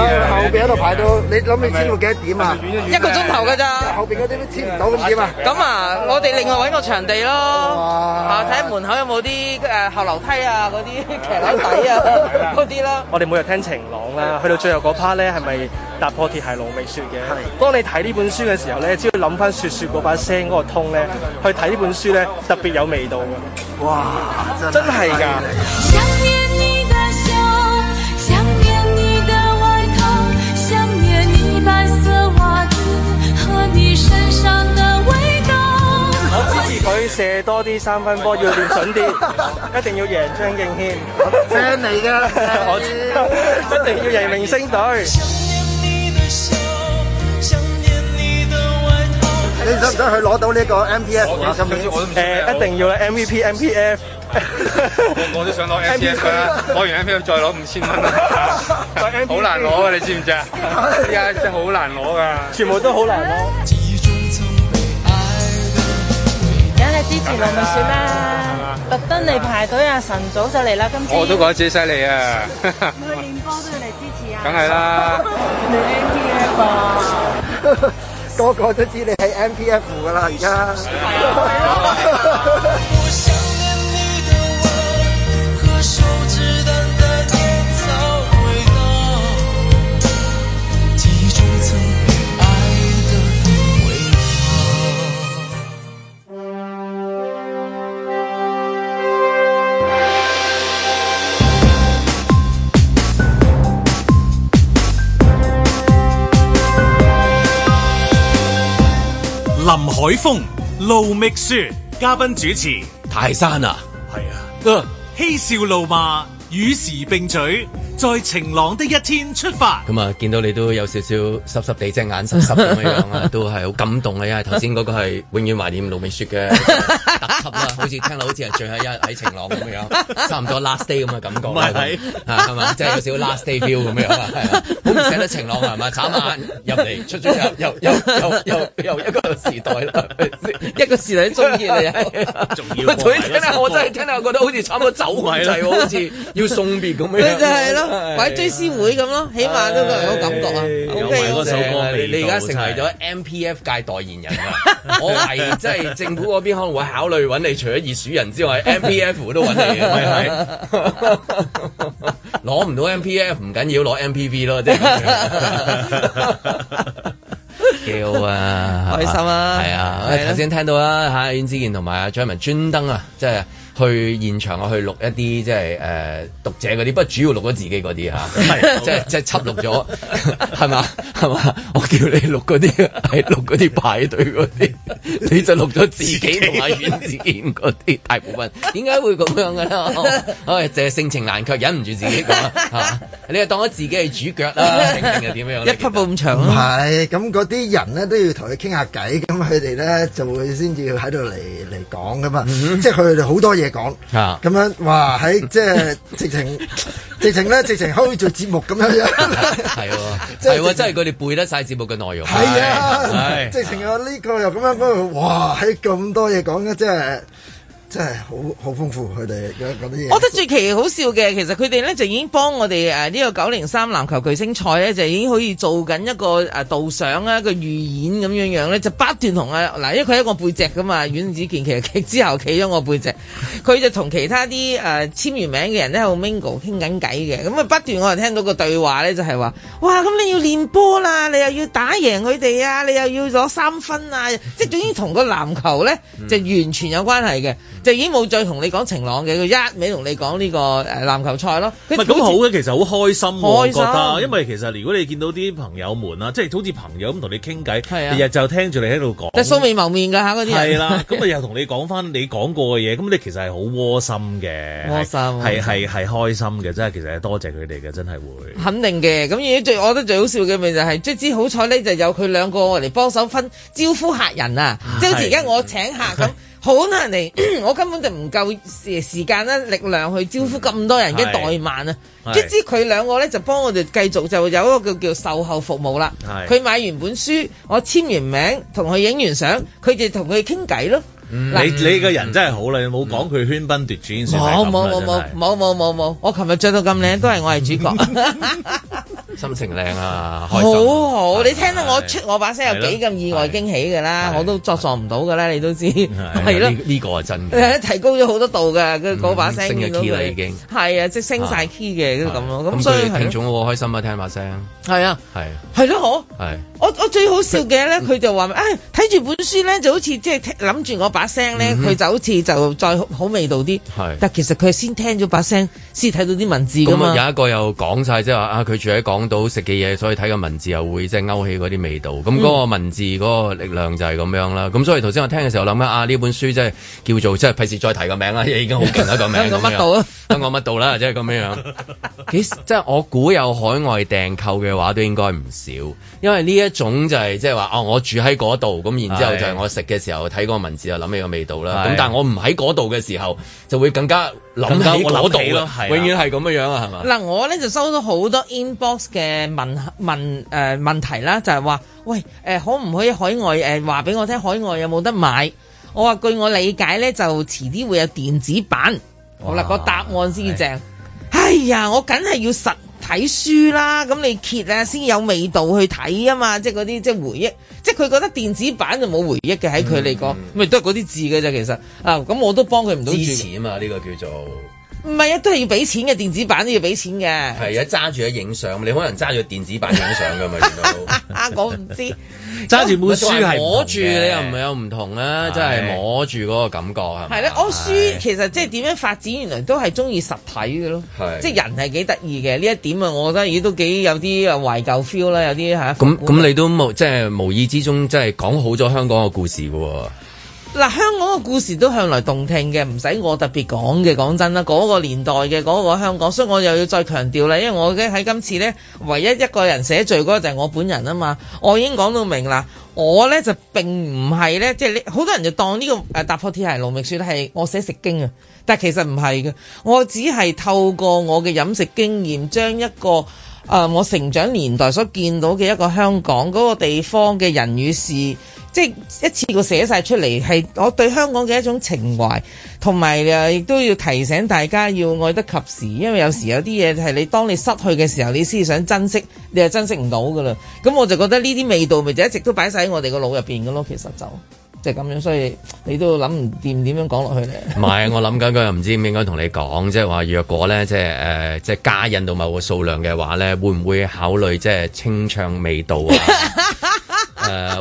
邊喺度排到，你諗你簽到幾多點啊？一個鐘頭噶咋？後邊嗰啲都簽唔到咁點啊？咁啊，我哋另外搵個場地咯。哇啊！睇下門口有冇啲誒後樓梯啊，嗰啲騎樓底啊，嗰啲咯。我哋每日聽晴朗啦，去到最後嗰 part 咧，係咪踏破鐵鞋無覓雪嘅？係的。當你睇呢本書嘅時候咧，只要諗翻雪雪嗰把聲嗰個通咧，去睇呢本書咧，特別有味道嘅。哇！真係噶。佢射多啲三分波，要練準啲，一定要贏張敬軒。聲嚟噶，我知，一定要贏明星隊。你使唔使去攞到呢個 M P F？誒，一定要啦，M V P M P F。我都想攞 M P F，攞完 M P F 再攞五千蚊啊！好難攞啊，你知唔知啊？依家真係好難攞噶，全部都好難攞。梗係支持羅密說啦，特登嚟排隊啊！晨早就嚟啦，今次我都覺得最犀利啊！ [laughs] 每去練波都要嚟支持啊！梗係啦， [laughs] 你 MPF 啊，個個都知你係 MPF 噶啦，而 [laughs] 家。 [laughs] [laughs] [laughs] [laughs] [laughs] 林海峰、盧覓雪嘉賓主持，泰山啊，係啊，呃，嬉笑怒罵與時並取。在晴朗的一天出發。咁啊，見到你都有少少濕濕地，即係眼濕濕咁樣啊，都係好感動啊！因為頭先嗰個係永遠懷念盧美雪嘅特輯啊，好似聽落好似係最後一日喺晴朗咁樣，差唔多 last day 咁嘅感覺啊，係咪？即係有少少 last day feel 咁樣啊，係啊，好唔捨得晴朗係咪？眨眼入嚟出咗又又又又又一個時代啦，一個時代中意你啊，仲要，我真係聽到覺得好似差唔多走埋嚟，好似要送別咁樣。你係啦。鬼追思會咁咯，起碼都個人有感覺啊！OK，、哎呃、你而家成為咗 MPF 界代言人啊？ [laughs] 我係即係政府嗰邊可能會考慮揾你，除咗熱鼠人之外，MPF 都揾你，係咪？攞唔 [laughs] 到 MPF 唔緊要，攞 MPV 咯，即係。幾 [laughs] [laughs] 好啊！開心啊！係吧啊！頭先、啊嗯、聽到啦吓，阮之健同埋阿張文專登啊，即係。去現場去錄一啲即係誒讀者嗰啲，不過主要錄咗自己嗰啲嚇，唔係，即係即係輯錄咗，係嘛？ [laughs] [laughs] 係嘛？我叫你錄嗰啲，係錄嗰啲排隊嗰啲，你就錄咗自己同阿阮自己嗰啲大部分。點解會咁樣嘅咧？唉， [laughs] 就係性情難卻，忍唔住自己講，你又當咗自己係主角啦？一匹布咁長，唔係咁嗰啲人咧都要同佢傾下偈，咁佢哋咧就會先至喺度嚟嚟講噶嘛。Mm hmm. 即係佢哋好多嘢講，咁樣哇，喺即係直情。 [laughs] [laughs] [laughs] 直情咧，直情可以做節目咁樣樣，係喎，即係真係佢哋背得晒節目嘅內容。係啊，係，直情啊呢， [laughs] 情呢、呢個又咁樣嗰個，哇！喺咁 [laughs] 多嘢講嘅真係～真係好好豐富，佢哋啲嘢。我覺得最奇好笑嘅，其實佢哋咧就已經幫我哋誒呢個九零三籃球巨星賽咧，就已經可以做緊一個誒導賞啦，一個預演咁樣樣咧，就不斷同阿嗱，因為佢喺我背脊噶嘛，阮子健其實佢之後企咗我背脊，佢就同其他啲誒、啊、簽完名嘅人咧，同 Mingo 傾緊偈嘅，咁啊、嗯、不斷我係聽到個對話咧，就係、是、話：哇，咁你要練波啦，你又要打贏佢哋啊，你又要攞三分啊， [laughs] 即係總之同個籃球咧就完全有關係嘅。就已經冇再同你講晴朗嘅，佢一味同你講呢個誒籃球賽咯。咁好嘅，其實好開心，覺得，因為其實如果你見到啲朋友們啦，即係好似朋友咁同你傾偈，日日就聽住你喺度講。即素未謀面嘅嚇嗰啲。係啦，咁啊又同你講翻你講過嘅嘢，咁你其實係好窩心嘅，窩心係係係開心嘅，真係其實係多謝佢哋嘅，真係會。肯定嘅，咁而最，我覺得最好笑嘅咪就係，即之好彩呢，就有佢兩個嚟幫手分招呼客人啊，即好似而家我請客咁。好難嚟， [coughs] 我根本就唔夠時時間啦，力量去招呼咁多人嘅怠慢啊！即係知佢兩個咧，就幫我哋繼續就有一個叫叫售後服務啦。佢是買完本書，我簽完名，同佢影完相，佢哋同佢傾偈咯。你你個人真係好啦，冇講佢喧賓奪主，冇冇冇冇冇冇冇冇，我琴日着到咁靚都係我係主角，心情靚啊！好好，你聽到我出我把聲有幾咁意外驚喜噶啦，我都作作唔到噶啦，你都知係咯？呢個係真嘅，提高咗好多度噶，佢嗰把聲已經係啊，即係升晒 key 嘅，咁咯。咁所以聽眾開心啊，聽把聲係啊，係係咯，好，係我我最好笑嘅咧，佢就話誒，睇住本書咧，就好似即係諗住我把。把聲咧，佢、嗯、就好似就再好，好味道啲。係是，但其實佢係先聽咗把聲，先睇到啲文字咁嘛。有一個又講晒，即係話啊，佢住喺港島食嘅嘢，所以睇個文字又會即係、就是、勾起嗰啲味道。咁嗰個文字嗰、嗯、個力量就係咁樣啦。咁所以頭先我聽嘅時候諗啊，呢本書即係叫做即係費事再提個名啦， [laughs] 已經好勁啦個名。香港乜度啊？香港乜度啦？即係咁樣樣，其實即係我估有海外訂購嘅話，都應該唔少，因為呢一種就係即係話哦，我住喺嗰度，咁然之後，後就係我食嘅時候睇個文字又。 [laughs] [laughs] 咁咩嘅味道啦，咁的但係我唔喺嗰度嘅時候，就會更加諗起嗰度咯。是是啊、永遠係咁樣樣啊，係嘛？嗱，我咧就收到好多 inbox 嘅問問誒、呃、問題啦，就係、是、話，喂，誒、呃、可唔可以海外誒話俾我聽，海外有冇得買？我話據我理解咧，就遲啲會有電子版，好啦，哇個答案先正。的哎呀，我梗係要實。睇書啦，咁你揭啊先有味道去睇啊嘛，即係嗰啲即係回憶，即係佢覺得電子版就冇回憶嘅，喺佢嚟講，咪、嗯、都係嗰啲字嘅啫，其實啊，咁我都幫佢唔到支持啊嘛，呢、呢個叫做。唔係啊，都係要俾錢嘅，電子版都要俾錢嘅。係啊，揸住啊影相，你可能揸住電子版影相㗎嘛？啱講唔知，揸住 [laughs] 本書係摸住著，你又唔係有唔同啊？的真係摸住嗰個感覺係咪？係我書其實即係點樣發展，的原來都係中意實體嘅咯。的即係人係幾得意嘅呢一點啊！我覺得而家都幾有啲啊懷舊 feel 啦，有啲嚇。咁咁、嗯、你都冇即係無意之中即係講好咗香港嘅故事㗎喎。嗱，香港嘅故事都向來動聽嘅，唔使我特別講嘅。講真啦，嗰、那個年代嘅嗰、那個香港，所以我又要再強調啦，因為我呢喺今次呢，唯一一個人寫罪嗰個就係我本人啊嘛。我已經講到明啦，我呢就並唔係呢。即係好多人就當呢、這個誒踏、啊、破鐵鞋勞力苦係我寫食經啊，但係其實唔係嘅，我只係透過我嘅飲食經驗，將一個誒、呃、我成長年代所見到嘅一個香港嗰、那個地方嘅人與事。即係一次過寫晒出嚟係我對香港嘅一種情懷，同埋誒亦都要提醒大家要愛得及時，因為有時有啲嘢係你當你失去嘅時候，你先想珍惜，你又珍惜唔到噶啦。咁我就覺得呢啲味道咪就一直都擺晒喺我哋個腦入邊噶咯，其實就即係咁樣，所以你都諗唔掂點樣講落去咧。唔係， [laughs] 我諗緊佢又唔知點應該同你講，即係話若果咧，即係誒、呃，即係加印到某個數量嘅話咧，會唔會考慮即係清唱味道啊？ [laughs]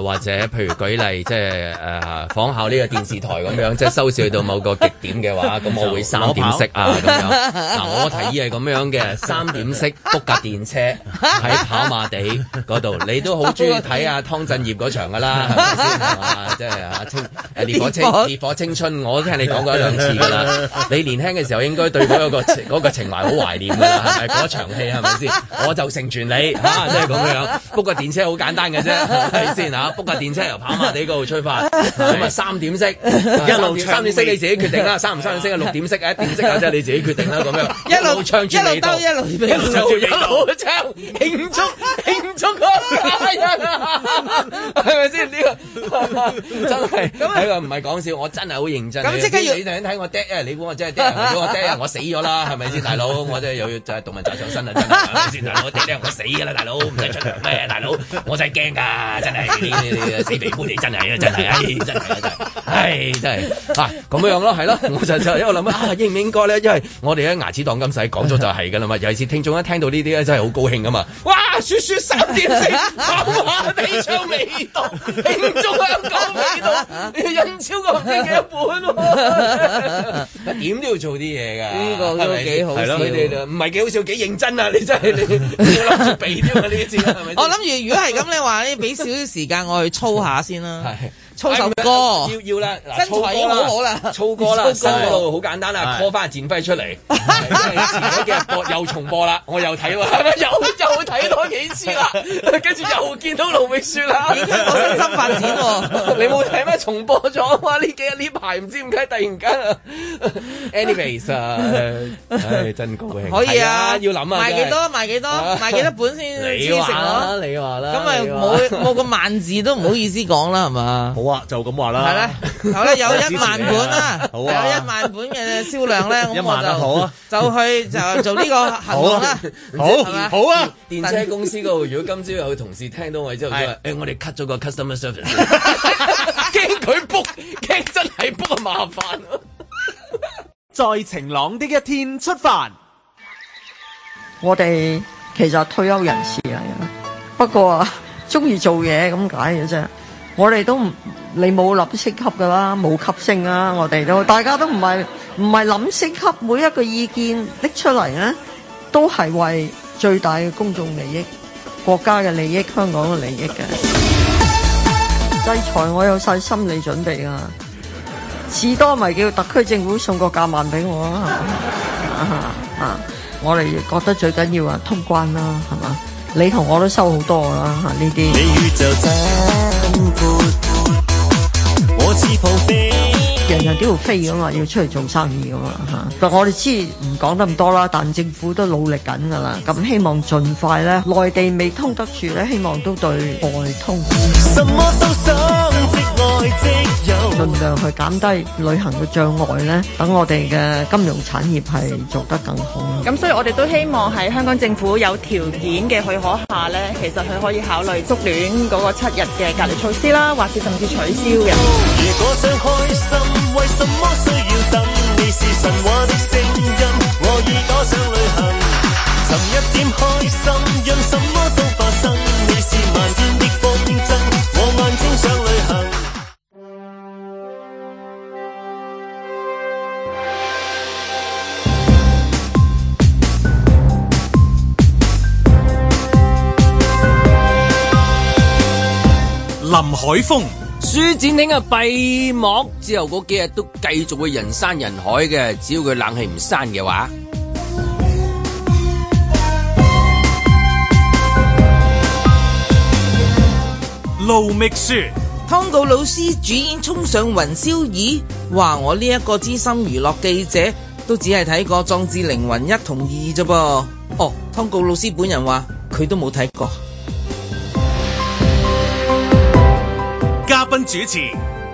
或者譬如舉例，即係誒、呃、仿效呢個電視台咁樣，即係收視去到某個極點嘅話，咁我會三點式啊咁樣，嗱、啊，我提議係咁樣嘅，三點式駁架電車，喺跑馬地度。你都好中意睇啊湯鎮業嗰場噶啦，係咪先？啊，即係啊青《烈火青》《烈、啊、火青春》，我都聽你講過一兩次㗎啦。你年輕嘅時候應該對嗰個嗰個情懷好懷念㗎啦，係咪嗰場戲係咪先？我就成全你嚇，即係咁樣。駁架電車好簡單嘅啫，係咪先吓。啊啊啊駁架電車由跑馬地嗰度出發，咁啊三點式一路，三點式你自己決定啦，三唔三點式啊六點式啊一點式啊，即係你自己決定啦咁樣。一路唱住尾路，一路兜，一路唱住尾路，真慶祝慶祝嗰係咪先？呢個真係咁啊，唔係講笑，我真係好認真。咁即刻要你睇我爹啊，你估我真係爹？如果我爹啊，我死咗啦，係咪先，大佬？我真係又要就係動物走上身啦，係咪大佬？爹啊，我死㗎啦，大佬，唔使出咩，大佬，我真係驚㗎，真係。你嘅死皮膚，你真係啊真係唉真係真唉真係啊。咁樣咯，係咯，我就就因為諗啊應唔應該咧，因為我哋喺牙齒當金使講咗就係㗎啦嘛，尤其是聽眾一聽到呢啲咧真係好高興㗎嘛。哇！雪雪，三點四，談話非常味道，聽眾有夠味道，印超過唔知幾多本喎。點都要做啲嘢㗎？呢個都幾好笑，唔係幾好笑，幾認真啊！你真係你，你諗住避添呢啲係咪？我諗住如果係咁，你話你俾少少時間我。我去操下先啦。操首歌，要要啦，嗱，好播啦，操歌啦，操歌好簡單啦，call 翻阿展輝出嚟，幾日播又重播啦，我又睇喎，又又睇多幾次啦，跟住又見到盧美雪啦，點解我身心發展喎？你冇睇咩重播咗啊？呢幾呢排唔知點解突然間，anyways，唉真高興，可以啊，要諗啊，賣幾多賣幾多，賣幾多本先？你話啦，你話啦，咁咪冇冇個萬字都唔好意思講啦，係嘛？就咁話啦，係啦，好啦，有一萬本啦，啊，有一萬本嘅銷量咧，咁一萬就好啊，就去就做呢個行動啦，好啊，好啊，電車公司嗰度，如果今朝有同事聽到我之後，就話，誒、欸，我哋 cut 咗個 customer service，驚佢 book，驚真係 book 個麻煩 [laughs] 再晴朗啲嘅天出發，我哋其實退休人士嚟嘅，不過中意做嘢咁解嘅啫。我哋都唔，你冇諗升級噶啦，冇級升啦。我哋都，大家都唔係唔係諗升級，每一個意見拎出嚟咧，都係為最大嘅公眾利益、國家嘅利益、香港嘅利益嘅。 [music] 制裁我有晒心理準備啊，至多咪叫特區政府送個價萬俾我啦，係啊，啊，啊！我哋覺得最緊要啊，通關啦，係嘛。你同我都收好多啦，吓，呢啲。我人人都要飛㗎嘛，要出嚟做生意㗎嘛，吓、啊。我哋知唔講得咁多啦，但政府都努力緊㗎喇，咁希望盡快咧，內地未通得住咧，希望都對外通。儘量去減低旅行嘅障礙咧，等我哋嘅金融產業係做得更好。咁所以我哋都希望喺香港政府有條件嘅許可下咧，其實佢可以考慮縮短嗰個七日嘅隔離措施啦，或者甚至取消嘅。林海峰、啊，書展廳嘅閉幕之後嗰幾日都繼續會人山人海嘅，只要佢冷氣唔閂嘅話。盧覓雪，湯告老師主演衝上雲霄二，哇，我呢一個資深娛樂記者都只係睇過《壯志凌雲一》同二啫噃。哦，湯告老師本人話佢都冇睇過。分主持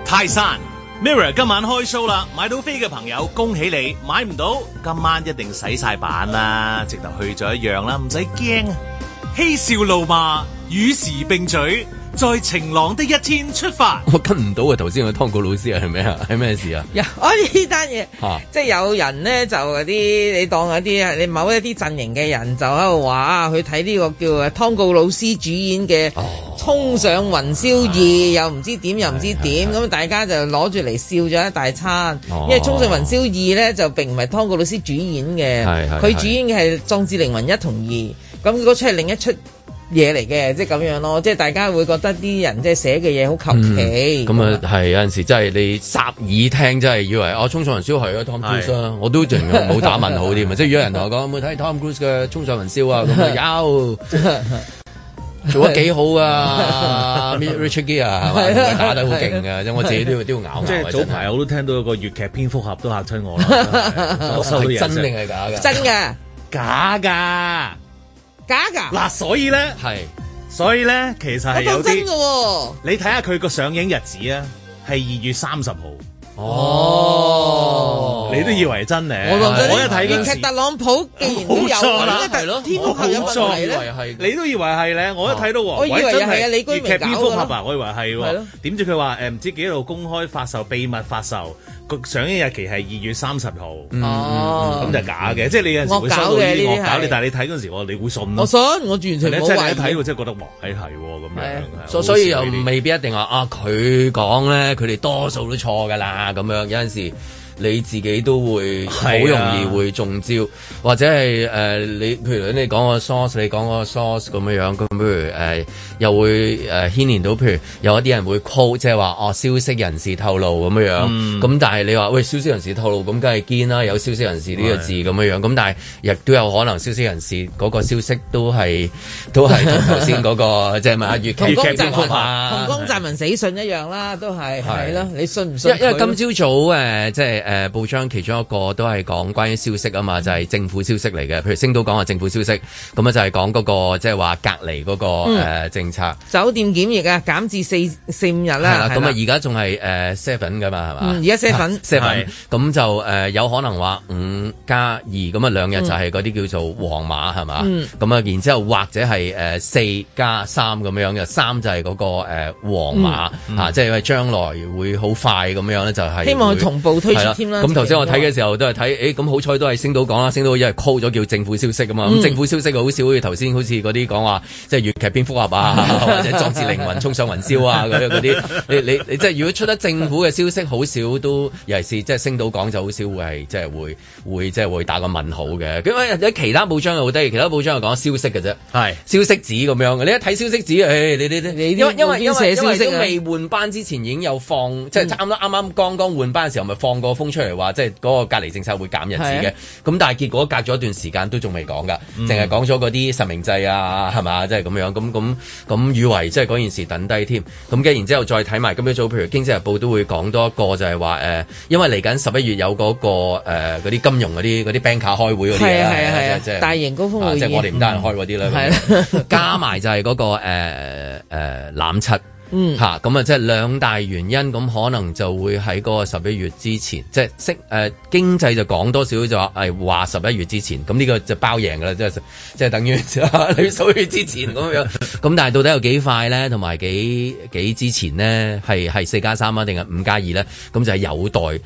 泰山 Mirror 今晚開 show 啦，買到飛嘅朋友恭喜你，買唔到今晚一定洗晒版啦，直頭去咗一樣啦，唔使驚啊！嬉笑怒罵與時並嘴。在晴朗的一天出發，我跟唔到啊！頭先個湯告老師係咩啊？係咩事啊？啊，我呢單嘢，即係有人呢，就嗰啲你當嗰啲你某一啲陣營嘅人就喺度話啊，去睇呢個叫啊湯告老師主演嘅《衝上雲霄二》，又唔知點又唔知點，咁 [laughs] 大家就攞住嚟笑咗一大餐。 [laughs] 因為《衝上雲霄二》呢就並唔係湯告老師主演嘅，佢主演嘅係《壯志凌雲一》同二，咁嗰出係另一出。嘢嚟嘅，即係咁樣咯，即係大家會覺得啲人即係寫嘅嘢好求其。咁啊，係有陣時真係你擲耳聽，真係以為我《衝上雲霄》係啊 Tom Cruise 我都儘冇打問好啲嘛。即係有人同我講有冇睇 Tom Cruise 嘅《衝上雲霄》啊？咁啊有，做得幾好啊，Richard Gere 啊，打得好勁嘅，因為我自己都都咬。即係早排我都聽到個粵劇《蝙蝠俠》都嚇親我啦，我收到真定係假嘅？真嘅，假噶。假噶嗱，所以咧係，所以咧其實係有啲嘅。你睇下佢個上映日子啊，係二月三十號。哦，你都以為真咧？我我一睇電視劇，特朗普竟然都有，呢啲蝙蝠俠有問題咧？你都以為係咧？我一睇到，我以為係啊，你居然假？我以為係喎，點知佢話誒，唔知幾度公開發售、秘密發售。上一日期係二月三十號，咁就假嘅。嗯、即係你有陣時會收到啲惡搞你，但係你睇嗰陣時，我你會信。我信，我完全冇位。你真係一睇，我真係覺得，哇！誒係咁樣，所所以又未必一定話啊，佢講咧，佢哋多數都錯㗎啦。咁樣有陣時。你自己都會好容易會中招，或者係誒你，譬如你講個 source，你講個 source 咁樣樣，咁不如誒又會誒牽連到，譬如有一啲人會 quote 即係話哦消息人士透露咁樣樣，咁但係你話喂，消息人士透露，咁梗係堅啦，有消息人士呢個字咁樣樣，咁但係亦都有可能消息人士嗰個消息都係都係同頭先嗰個即係咪阿月琴同江澤民死訊一樣啦，都係係咯，你信唔信？因因為今朝早誒即係。誒報章其中一個都係講關於消息啊嘛，嗯、就係政府消息嚟嘅，譬如星島講係政府消息，咁啊就係講嗰、那個即係話隔離嗰、那個、嗯呃、政策，酒店檢疫啊，減至四四五日啦、啊。係啦、啊，咁啊而家仲係誒 seven 㗎嘛，係嘛、啊？而家 seven seven 咁就誒、呃、有可能話五加二，咁啊兩日就係嗰啲叫做黃碼係嘛？咁啊、嗯、然之後或者係誒四加三咁樣嘅，三就係嗰、那個誒黃、呃、碼嚇，即係、嗯嗯啊就是、將來會好快咁樣咧就係、是、希望同步推出、啊。咁頭先我睇嘅時候都係睇，誒、欸、咁好彩都係星島講啦，星島因為 call 咗叫政府消息咁嘛，咁、嗯、政府消息好少，頭先好似嗰啲講話即係粵劇變夫啊， [laughs] 或者壯志凌雲衝上雲霄啊咁樣嗰啲，你你，你即係如果出得政府嘅消息，好少都尤其是即係星島講就好少會係即係會會即係會打個問號嘅。咁喺其他報章又好得其他報章又講消息嘅啫，係是消息紙咁樣嘅。你一睇消息紙，誒、欸、你啲你，你，你，你因為因為因為因未消息 換班之前已經有放，嗯、即係差唔多啱啱剛剛換班嘅時候咪放過。封出嚟話，即係嗰個隔離政策會減日子嘅。咁是的 但係結果隔咗一段時間都仲未講噶，淨係講咗嗰啲實名制啊，係咪？即係咁樣咁咁咁，以為即係嗰件事等低添。咁跟然之後再睇埋今朝早，譬如《經濟日報》都會講多一個就，就係話誒，因為嚟緊十一月有嗰、嗰個嗰啲、呃、金融嗰啲嗰啲 bank 卡、er、開會嗰啲啦，係是的 啊大型高峰即係、啊就是、我哋唔得閒開嗰啲啦，是的 [laughs] 加埋就係嗰、嗰個誒誒攬七。呃呃呃呃嗯，吓咁啊，即係兩大原因，咁可能就會喺嗰個十一月之前，即係、啊、經誒經濟就講多少就係話十一月之前，咁呢個就包贏㗎喇，即係即係等於、啊、你十一月之前咁樣。咁但係到底有，快呢有幾快咧？同埋幾幾之前呢？係係四加三啊，定係五加二咧？咁就係有待誒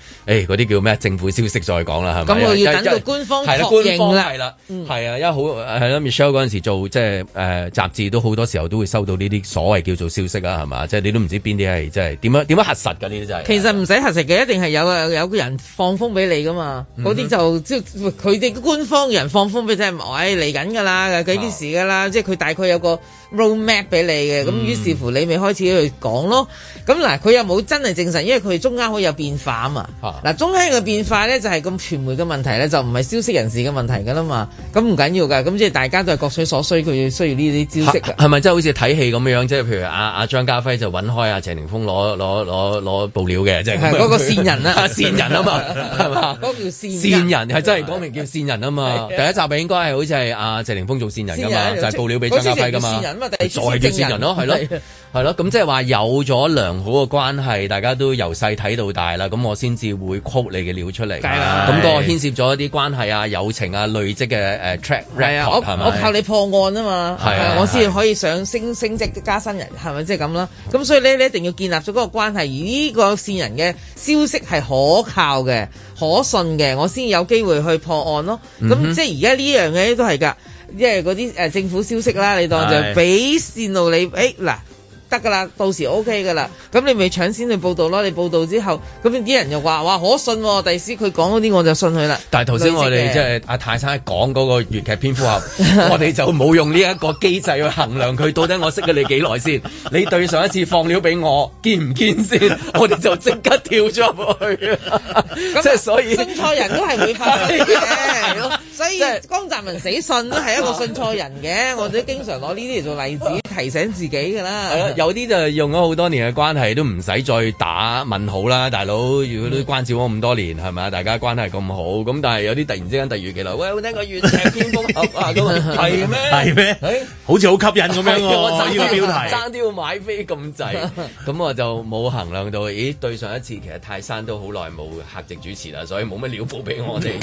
嗰啲叫咩？政府消息再講啦，係咪？咁、嗯、為要等到官方確認啦，係啦，係啊，因為好係咯，Michelle 嗰陣時做即係誒雜誌，都、嗯、好、嗯、多時候都會收到呢啲所謂叫做消息啊，係啊！即係你都唔知邊啲係，即係點樣點樣核實嘅，呢啲就係其實唔使核實嘅，一定係有啊，有個人放風俾你噶嘛。嗰啲、mm hmm. 就即係佢哋官方人放風俾你聽，唔係嚟緊噶啦，緊啲時噶啦。Oh. 即係佢大概有個 roadmap 俾你嘅，咁於是乎你咪開始去講咯。咁嗱，佢又冇真係證實，因為佢中間可以有變化啊嘛。嗱，中間嘅變化咧就係咁，傳媒嘅問題咧就唔係消息人士嘅問題噶啦嘛。咁唔緊要噶，咁即係大家都係各取所需，佢需要呢啲消息。係咪即係好似睇戲咁樣？即係譬如阿阿張家輝就揾開阿謝霆鋒攞攞攞攞報料嘅，即係嗰個線人啊。線人啊嘛，係嘛？嗰條線線人係真係講明叫線人啊嘛。第一集咪應該係好似係阿謝霆鋒做線人㗎嘛，就係報料俾張家輝㗎嘛。在的線人咯，係咯， [laughs] 係咯，咁即係話有咗良好嘅關係，大家都由細睇到大啦，咁我先至會 quote 你嘅料出嚟，咁個牽涉咗一啲關係啊、友情啊累積嘅誒 track record，係啊我，我我靠你破案啊嘛，係，我先可以上升升職加薪人，係咪即係咁啦？咁所以咧，你一定要建立咗嗰個關係，而、這、呢個線人嘅消息係可靠嘅、可信嘅，我先有機會去破案咯。咁即係而家呢樣嘢都係噶。因為嗰啲誒政府消息啦，你當就俾線路你，誒嗱的。得噶啦，到時 O K 噶啦。咁你咪搶先去報道咯。你報道之後，咁啲人又話，哇，可信，哦。第時佢講嗰啲，我就信佢啦。但係頭先 [laughs] 我哋即係阿泰生講嗰個粵劇蝙蝠俠，我哋就冇用呢一個機制去衡量佢到底我識咗你幾耐先。你對上一次放料俾我，見唔見先？我哋就即刻跳咗去。咁 [laughs] 即係所以，信錯人都係會發生嘅。是是所以江澤民死訊都係一個信錯人嘅。我哋經常攞呢啲嚟做例子，提醒自己噶啦。嗯有啲就係用咗好多年嘅關係，都唔使再打問好啦，大佬，如果都關照我咁多年，係咪啊？大家關係咁好，咁但係有啲突然之間突如其來，喂，好聽個粵劇巔峰級啊，咁係咩？係咩為？好似好吸引咁樣 [laughs] 我就要個標題，泰山都要買飛咁滯，咁我就冇衡量到。咦，對上一次其實泰山都好耐冇客席主持啦，所以冇乜料報俾我哋，唔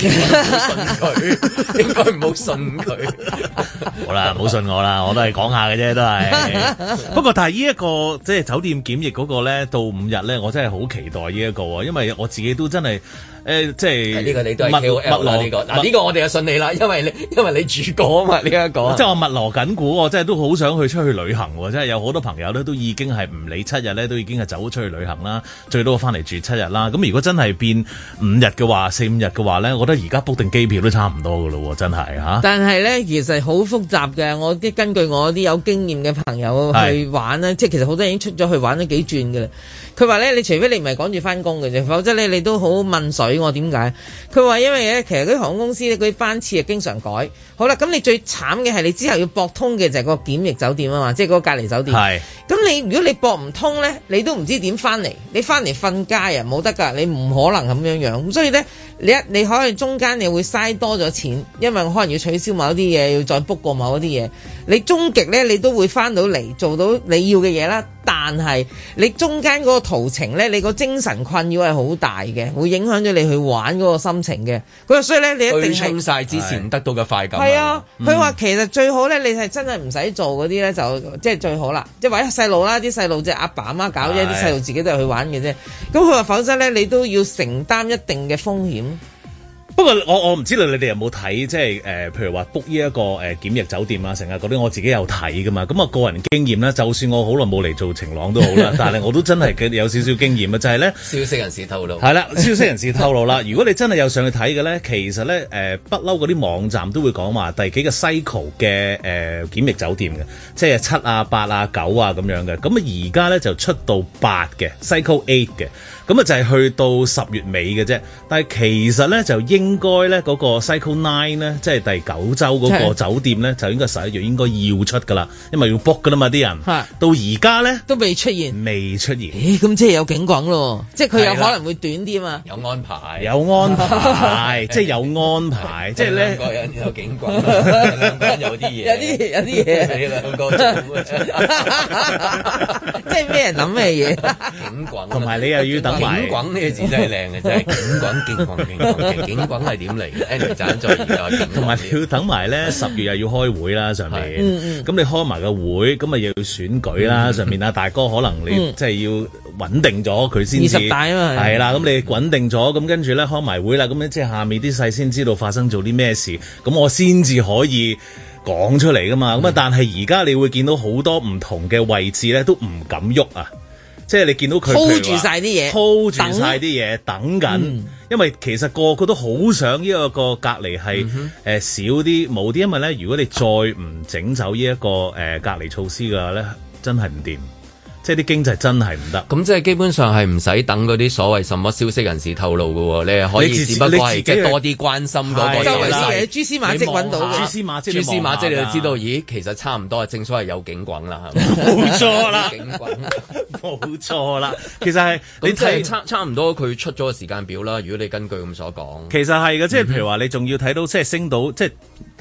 好信佢，應該唔好信佢。好啦，唔好信我啦，我都係講下嘅啫，都係。不過但係。一個即係酒店檢疫嗰個呢，到五日呢，我真係好期待呢一個啊！因為我自己都真係。誒、欸，即係呢、啊這個你都係 KOL 呢、這個嗱，呢、啊這個我哋就信你啦，因為你因為你住過啊嘛，呢、這、一個 [laughs] 即係我密鑼緊鼓，我即係都好想去出去旅行喎、啊，即係有好多朋友咧都已經係唔理七日咧，都已經係走出去旅行啦，最多翻嚟住七日啦。咁如果真係變五日嘅話，四五日嘅話咧，我覺得而家 book 定機票都差唔多嘅咯，真係嚇。啊、但係咧，其實好複雜嘅，我啲根據我啲有經驗嘅朋友去玩呢，即係是其實好多已經出咗去玩咗幾轉嘅。佢話咧，你除非你唔係趕住返工嘅啫，否則咧你，你都好問水我點解？佢話因為咧，其實啲航空公司咧，佢班次啊經常改。好啦，咁你最慘嘅係你之後要搏通嘅就係個檢疫酒店啊嘛，即係嗰個隔離酒店。係咁是你如果你搏唔通咧，你都唔知點翻嚟。你翻嚟瞓街啊，冇得㗎，你唔可能咁樣樣。所以咧，你一你可能中間你會嘥多咗錢，因為可能要取消某啲嘢，要再 book 過某啲嘢。你終極咧，你都會翻到嚟做到你要嘅嘢啦。但係你中間嗰個途程咧，你個精神困擾係好大嘅，會影響咗你去玩嗰個心情嘅。所以咧，你一定係，晒之前得到嘅快感。係啊，佢話、嗯、其實最好咧，你係真係唔使做嗰啲咧，就即、是、係最好啦。即係或者細路啦，啲細路即係阿爸阿媽搞啫，啲細路自己都係去玩嘅啫。咁佢話否則咧，你都要承擔一定嘅風險。不過，我我唔知道你哋有冇睇，即係誒、呃，譬如話 book 依一個誒檢疫酒店啊，成日嗰啲我自己有睇噶嘛。咁、嗯、啊，個人經驗啦，就算我好耐冇嚟做晴朗都好啦， [laughs] 但係我都真係有少少經驗啊，就係、是、咧 [laughs] 。消息人士透露，係啦，消息人士透露啦，如果你真係有上去睇嘅咧，其實咧誒，不嬲嗰啲網站都會講話第幾個 cycle 嘅誒、呃、檢疫酒店嘅，即係七啊、八啊、九啊咁樣嘅。咁啊，而家咧就出到八嘅 cycle eight 嘅。咁啊就係去到十月尾嘅啫，但係其實咧就應該咧嗰個 cycle nine 咧，即係第九周嗰個酒店咧，就應該十一月應該要出噶啦，因為要 book 噶啦嘛啲人。係到而家咧都未出現，未出現。咁即係有警棍咯，即係佢有可能會短啲嘛？有安排，有安排，即係有安排，即係兩個人有警棍。有啲嘢，有啲有啲嘢。即係咩人諗咩嘢？警棍，同埋你又要等。景滾呢、這個字真係靚嘅，真係景滾勁狂勁狂嘅。景滾係點嚟嘅？Andrew 同埋你要等埋咧，十月又要開會啦，上面。咁、嗯嗯、你開埋個會，咁啊又要選舉啦，嗯、上面啊大哥可能你即係要穩定咗佢先。至、嗯。二十大啊嘛。係啦，咁你穩定咗，咁跟住咧開埋會啦，咁咧即係下面啲細先知道發生咗啲咩事，咁我先至可以講出嚟噶嘛。咁啊、嗯，但係而家你會見到好多唔同嘅位置咧，都唔敢喐啊。即係你見到佢 hold 住晒啲嘢，hold 住晒啲嘢，等緊。等着嗯、因為其實、佢個個都好想呢一個隔離係誒少啲、冇啲。因為咧，如果你再唔整走呢、呢、一個誒、呃、隔離措施嘅話咧，真係唔掂。呢啲經濟真係唔得，咁即係基本上係唔使等嗰啲所謂什麼消息人士透露嘅喎、啊，你係可以，只不過係多啲關心嗰個嘢啦。蛛絲馬跡揾到，蛛絲馬跡揾到，蛛絲馬跡看看你都知道，咦，其實差唔多係，正所謂有警滾啦，係嘛？冇錯啦，冇 [laughs] 錯啦，其實係你睇差差唔多，佢出咗個時間表啦。如果你根據咁所講，其實係嘅，即係譬如話，你仲要睇到即係升到即係。即係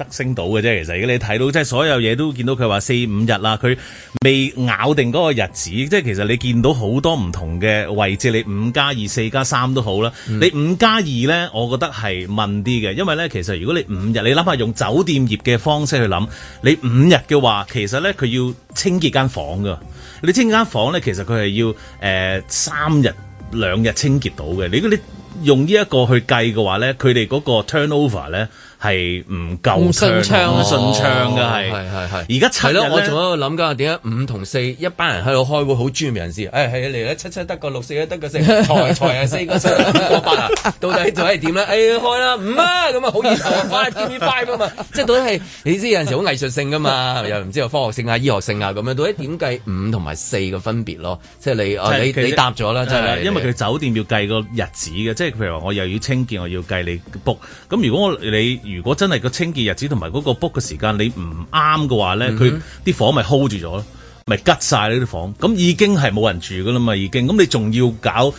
4, 2, 嗯、得升到嘅啫，其實如果你睇到，即係所有嘢都見到佢話四五日啦，佢未咬定嗰個日子。即係其實你見到好多唔同嘅位置，你五加二、四加三都好啦。你五加二咧，我覺得係問啲嘅，因為咧其實如果你五日，你諗下用酒店業嘅方式去諗，你五日嘅話，其實咧佢要清潔間房㗎。你清間房咧，其實佢係要誒三日兩日清潔到嘅。如果你用呢一個去計嘅話咧，佢哋嗰個 turnover 咧。係唔夠順暢，順暢嘅係係係而家七日咧，我仲喺度諗緊點解五同四一班人喺度開會好專業人士，誒係嚟啦，七七得個六，四一得個四，財財啊四個七個到底到底點咧？誒開啦五啊，咁啊好熱頭啊，five t 嘛，即係到底係你知有陣時好藝術性噶嘛，又唔知有科學性啊、醫學性啊咁樣，到底點計五同埋四嘅分別咯？即係你啊，你你答咗啦，就係因為佢酒店要計個日子嘅，即係譬如話我又要清潔，我要計你 book，咁如果我你。如果真係個清潔日子同埋嗰個 book 嘅時間你唔啱嘅話咧，佢啲、mm hmm。房咪 hold 住咗咯，咪吉晒呢啲房，咁已經係冇人住噶啦嘛，已經，咁你仲要搞？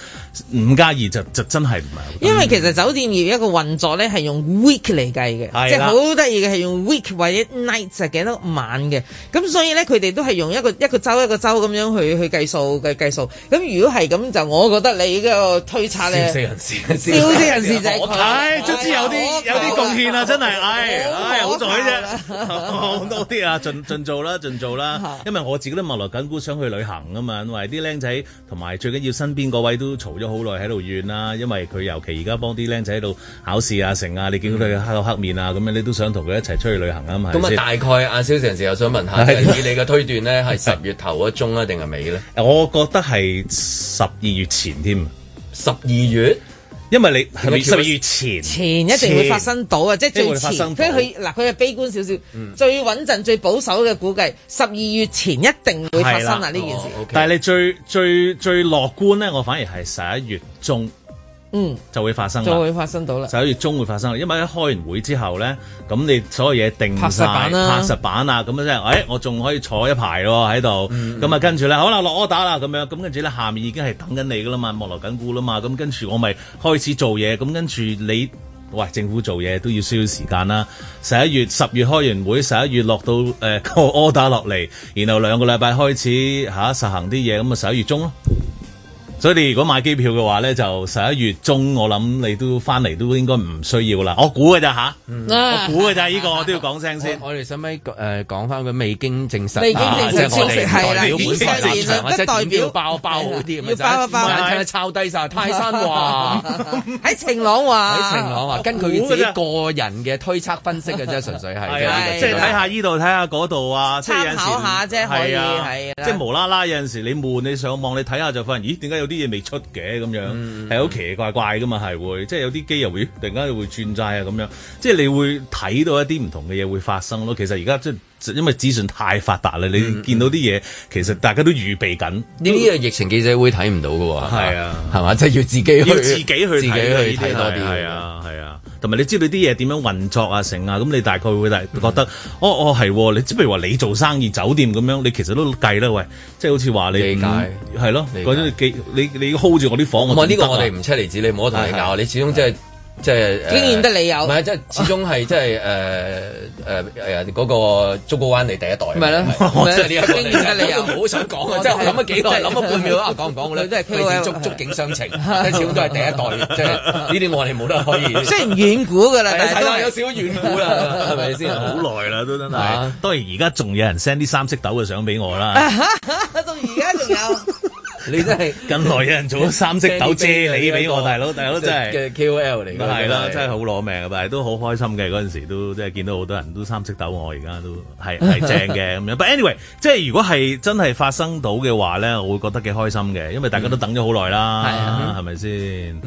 五加二就就真係唔係好，因為其實酒店業一個運作咧係用 week 嚟計嘅，即係好得意嘅係用 week 或者 night 就幾多晚嘅，咁所以咧佢哋都係用一個一個周一個周咁樣去去計數嘅計數，咁如果係咁就我覺得你嘅推測咧，消息人士，人士就係係卒之有啲有啲貢獻啊，真係，係好彩啫。啫，多啲啊，盡盡做啦，盡做啦，因為我自己都磨落緊估想去旅行啊嘛，因為啲僆仔同埋最緊要身邊嗰位都嘈。咗好耐喺度怨啦，因為佢尤其而家幫啲僆仔喺度考試啊、成啊，你見到佢黑口黑面啊，咁樣你都想同佢一齊出去旅行啊嘛？咁啊，大概阿蕭成時又想問下，即係以你嘅推斷咧，係十月頭一鐘啊，定係尾咧？我覺得係十二月前添，十二月。因為你係咪十二月前？前一定會發生到嘅，前即係最前。除非佢嗱，佢係悲觀少少，嗯、最穩陣、最保守嘅估計，十二月前一定會發生啦呢的件事。哦 okay. 但係你最最最樂觀咧，我反而係十一月中。嗯，就會發生，就會發生到啦。十一月中會發生，因為一開完會之後咧，咁你所有嘢定曬、拍實版啦、拍實版啊，咁樣即係，哎，我仲可以坐一排喎喺度。咁啊，跟住咧，好啦，落 order 啦，咁樣，咁跟住咧，下面已經係等緊你噶啦嘛，莫羅緊固啦嘛，咁跟住我咪開始做嘢，咁跟住你，喂，政府做嘢都要需要時間啦。十一月十月開完會，十一月落到誒個、呃、order 落嚟，然後兩個禮拜開始嚇實行啲嘢，咁啊十一月中咯。所以你如果買機票嘅話咧，就十一月中我諗你都翻嚟都應該唔需要啦。我估嘅咋吓？我估嘅咋呢個我都要講聲先。我哋使唔使誒講翻個未經證實？未經證實，即係代表，代表，代表，包包好啲啊嘛！唔係抄低曬泰山話，喺晴朗話，喺晴朗話，根據自己個人嘅推測分析嘅啫，純粹係。係啊，即係睇下依度，睇下嗰度啊，即係參考下啫，係啊，係啊，即係無啦啦有陣時你悶，你上網你睇下就發現，咦點解有？啲嘢未出嘅咁樣，係好奇奇怪怪㗎嘛，係會即係有啲機又會突然間又會轉債啊咁樣，即係你會睇到一啲唔同嘅嘢會發生咯。其實而家即係因為資訊太發達啦，嗯、你見到啲嘢、嗯、其實大家都預備緊。呢啲嘢疫情記者會睇唔到㗎，係啊，係嘛？即係要自己去，要自己去睇，自己去睇多啲。係啊，係啊。同埋你知道啲嘢點樣運作啊？成啊，咁你大概會覺得，mm hmm. 哦哦係，你即係譬如話你做生意酒店咁樣，你其實都計啦，喂，即係好似話你唔計，係咯，你啲計，你你 hold 住我啲房，唔係呢個我哋唔出嚟，子的你唔好同人哋拗。的你始終即係。即係經驗得你有，唔係即係始終係即係誒誒誒嗰個竹篙灣你第一代，唔係咧，即係呢你有。好想講即係諗咗幾耐，諗咗半秒啊，講唔講咧？都係看似觸景傷情，即係始終都係第一代，即係呢啲我哋冇得可以。即係遠古㗎啦，但係有少少遠古啦，係咪先？好耐啦，都真係。當然而家仲有人 send 啲三色豆嘅相俾我啦，到而家仲有。你真係近來有人做咗三色豆啫，你俾我，大佬大佬真係嘅 K O L 嚟，係啦，真係好攞命，但係都好開心嘅。嗰陣時都即係見到好多人都三色豆我，而家都係係正嘅咁樣。But anyway，即係如果係真係發生到嘅話咧，我會覺得幾開心嘅，因為大家都等咗好耐啦，係啊，係咪先？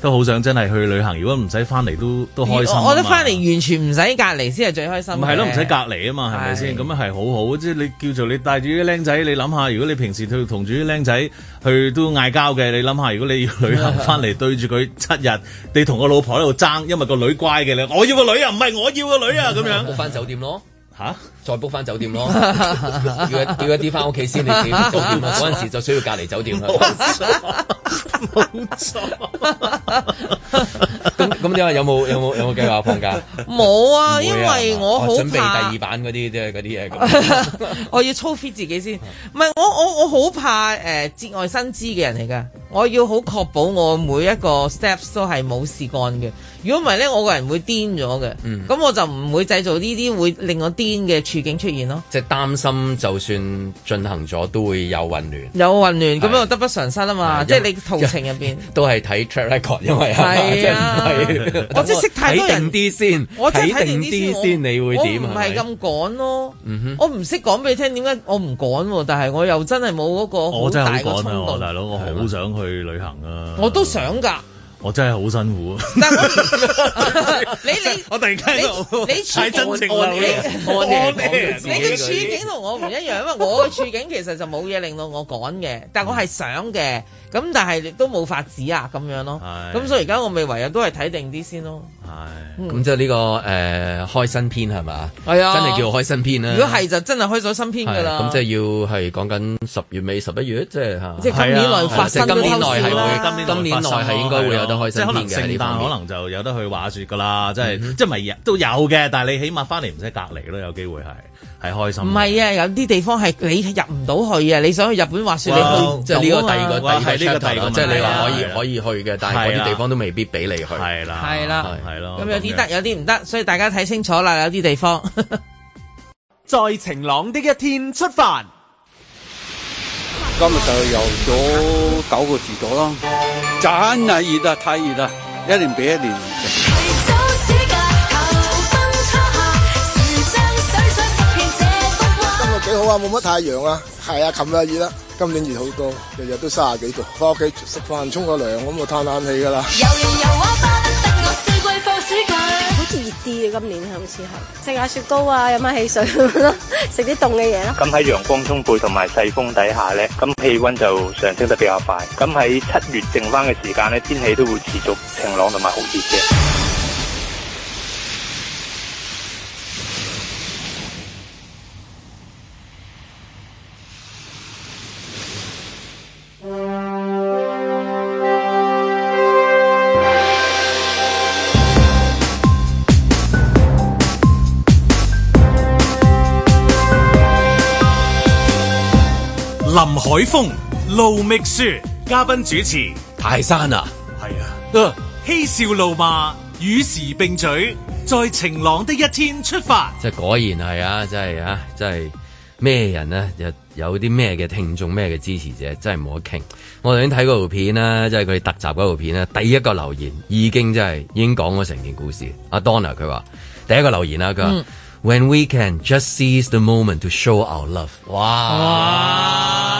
都好想真係去旅行。如果唔使翻嚟都都開心，我覺得翻嚟完全唔使隔離先係最開心。唔係咯，唔使隔離啊嘛，係咪先？咁樣係好好，即係你叫做你帶住啲僆仔，你諗下，如果你平時同住啲僆仔。去都嗌交嘅，你諗下，如果你要旅行翻嚟，對住佢七日，你同個老婆喺度爭，因為個女乖嘅，你話我要個女啊，唔係我要個女啊，咁樣，book 翻 [laughs] 酒店咯，吓哈，再 book 翻酒店咯， [laughs] 要要一啲翻屋企先，你自己酒店嗰陣 [laughs] 錯時就需要隔離酒店啦。咁咁點解有冇有冇有冇計劃放假？冇啊，因為我好，準備第二版嗰啲即係啲嘢，我要操 fit 自己先，唔係我我我好怕誒，節外生枝嘅人嚟噶。我要好確保我每一個 steps 都係冇事乾嘅。如果唔係咧，我個人會癲咗嘅。咁我就唔會製造呢啲會令我癲嘅處境出現咯。即係擔心，就算進行咗，都會有混亂。有混亂咁樣得不償失啊嘛！即係你同情入邊都係睇 track record，因為係啊！我即係識太多人啲先，我睇五啲先，你會點我唔係咁趕咯，我唔識講俾你聽，點解我唔趕？但係我又真係冇嗰個好大個衝動。我大佬，我好想去旅行啊！我都想噶，我真係好辛苦。但你你，我突然間你你太真誠啦，我我你你嘅處境同我唔一樣，因為我嘅處境其實就冇嘢令到我趕嘅，但我係想嘅。咁但係亦都冇法子啊，咁樣咯。咁所以而家我咪唯有都係睇定啲先咯。係、嗯。咁即係呢個誒、呃、開新篇係咪？係啊，哎、呀真係叫開新篇啦。如果係就真係開咗新篇噶啦。咁即係要係講緊十月尾十一月，就是、的即係即係今年內發生嘅偷的的今年內係會，今年內係應該會有得開新片。即係可能聖誕可能就有得去滑雪㗎啦，即係、嗯嗯、即係咪係都有嘅？但係你起碼翻嚟唔使隔離咯，有機會係。係開心。唔係啊，有啲地方係你入唔到去啊。你想去日本滑雪，你去唔到啊。即係呢個第二個地鐵，個第二個，即係你話可以可以去嘅，但係嗰啲地方都未必俾你去。係啦，係啦，係咯。咁有啲得，有啲唔得，所以大家睇清楚啦。有啲地方在晴朗的一天出發。今日就游咗九個字咗啦，真係熱啊，太熱啊，一年比一年熱。你好啊，冇乜太陽啊，係啊，冚啊熱啦，今年熱好多，日日都三十幾度，翻屋企食飯沖個涼咁就嘆冷氣噶啦。好似熱啲啊今年，好似係食下雪糕啊，飲下汽水咁樣咯，食啲凍嘅嘢咯。咁喺陽光充沛同埋細風底下咧，咁氣溫就上升得比較快。咁喺七月剩翻嘅時間咧，天氣都會持續晴朗同埋好熱嘅。海風路覓雪，嘉賓主持泰山啊，係啊，嬉、啊、笑怒罵與時並舉，在晴朗的一天出發，即係果然係啊，真係啊，真係咩人呢、啊？有有啲咩嘅聽眾咩嘅支持者真係冇得傾，我頭先睇嗰部片啦，即係佢哋特集嗰部片啦。第一個留言已經真係已經講咗成件故事，阿 Donna 佢話第一個留言啦佢、嗯、，When we can just seize the moment to show our love，哇！哇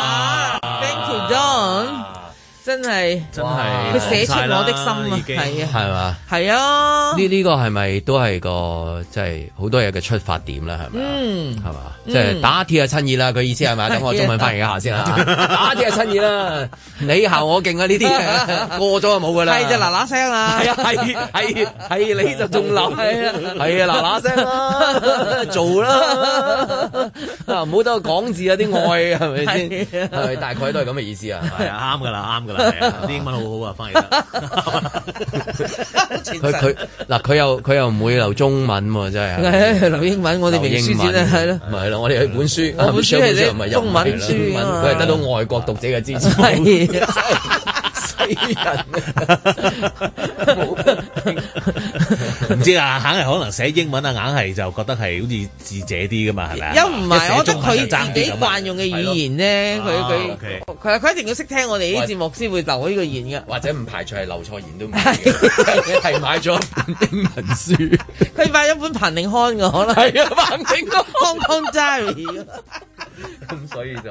真係，真係，佢寫出我的心意啊，係啊，係嘛，係啊，呢呢個係咪都係個即係好多嘢嘅出發點啦，係咪？嗯，係嘛，即係打鐵啊趁熱啦，佢意思係咪等我中文翻譯一下先啊，打鐵啊趁熱啦，你行我勁啊呢啲，過咗就冇噶啦，係就嗱嗱聲啊，係啊，係係係你就仲諗，係啊，嗱嗱聲做啦，啊，唔好得個講字有啲愛係咪先？係大概都係咁嘅意思啊，係啊，啱噶啦，啱。係啊，啲英文好好啊，翻嚟得。佢佢嗱，佢又佢又唔會留中文喎，真係。留英文，我哋明書展係咯。唔係啦，我哋有本書，本書唔係中文書，佢係得到外國讀者嘅支持。啲人唔知啊，硬係可能寫英文啊，硬係就覺得係好似智者啲噶嘛，係咪啊？又唔係？我覺得佢自己慣用嘅語言咧，佢佢其實佢一定要識聽我哋呢啲節目先會留呢個言噶。或者唔排除係留錯言都唔係買咗本英文書，佢買咗本彭定康噶，可能係啊，彭定康香港 diary。咁所以就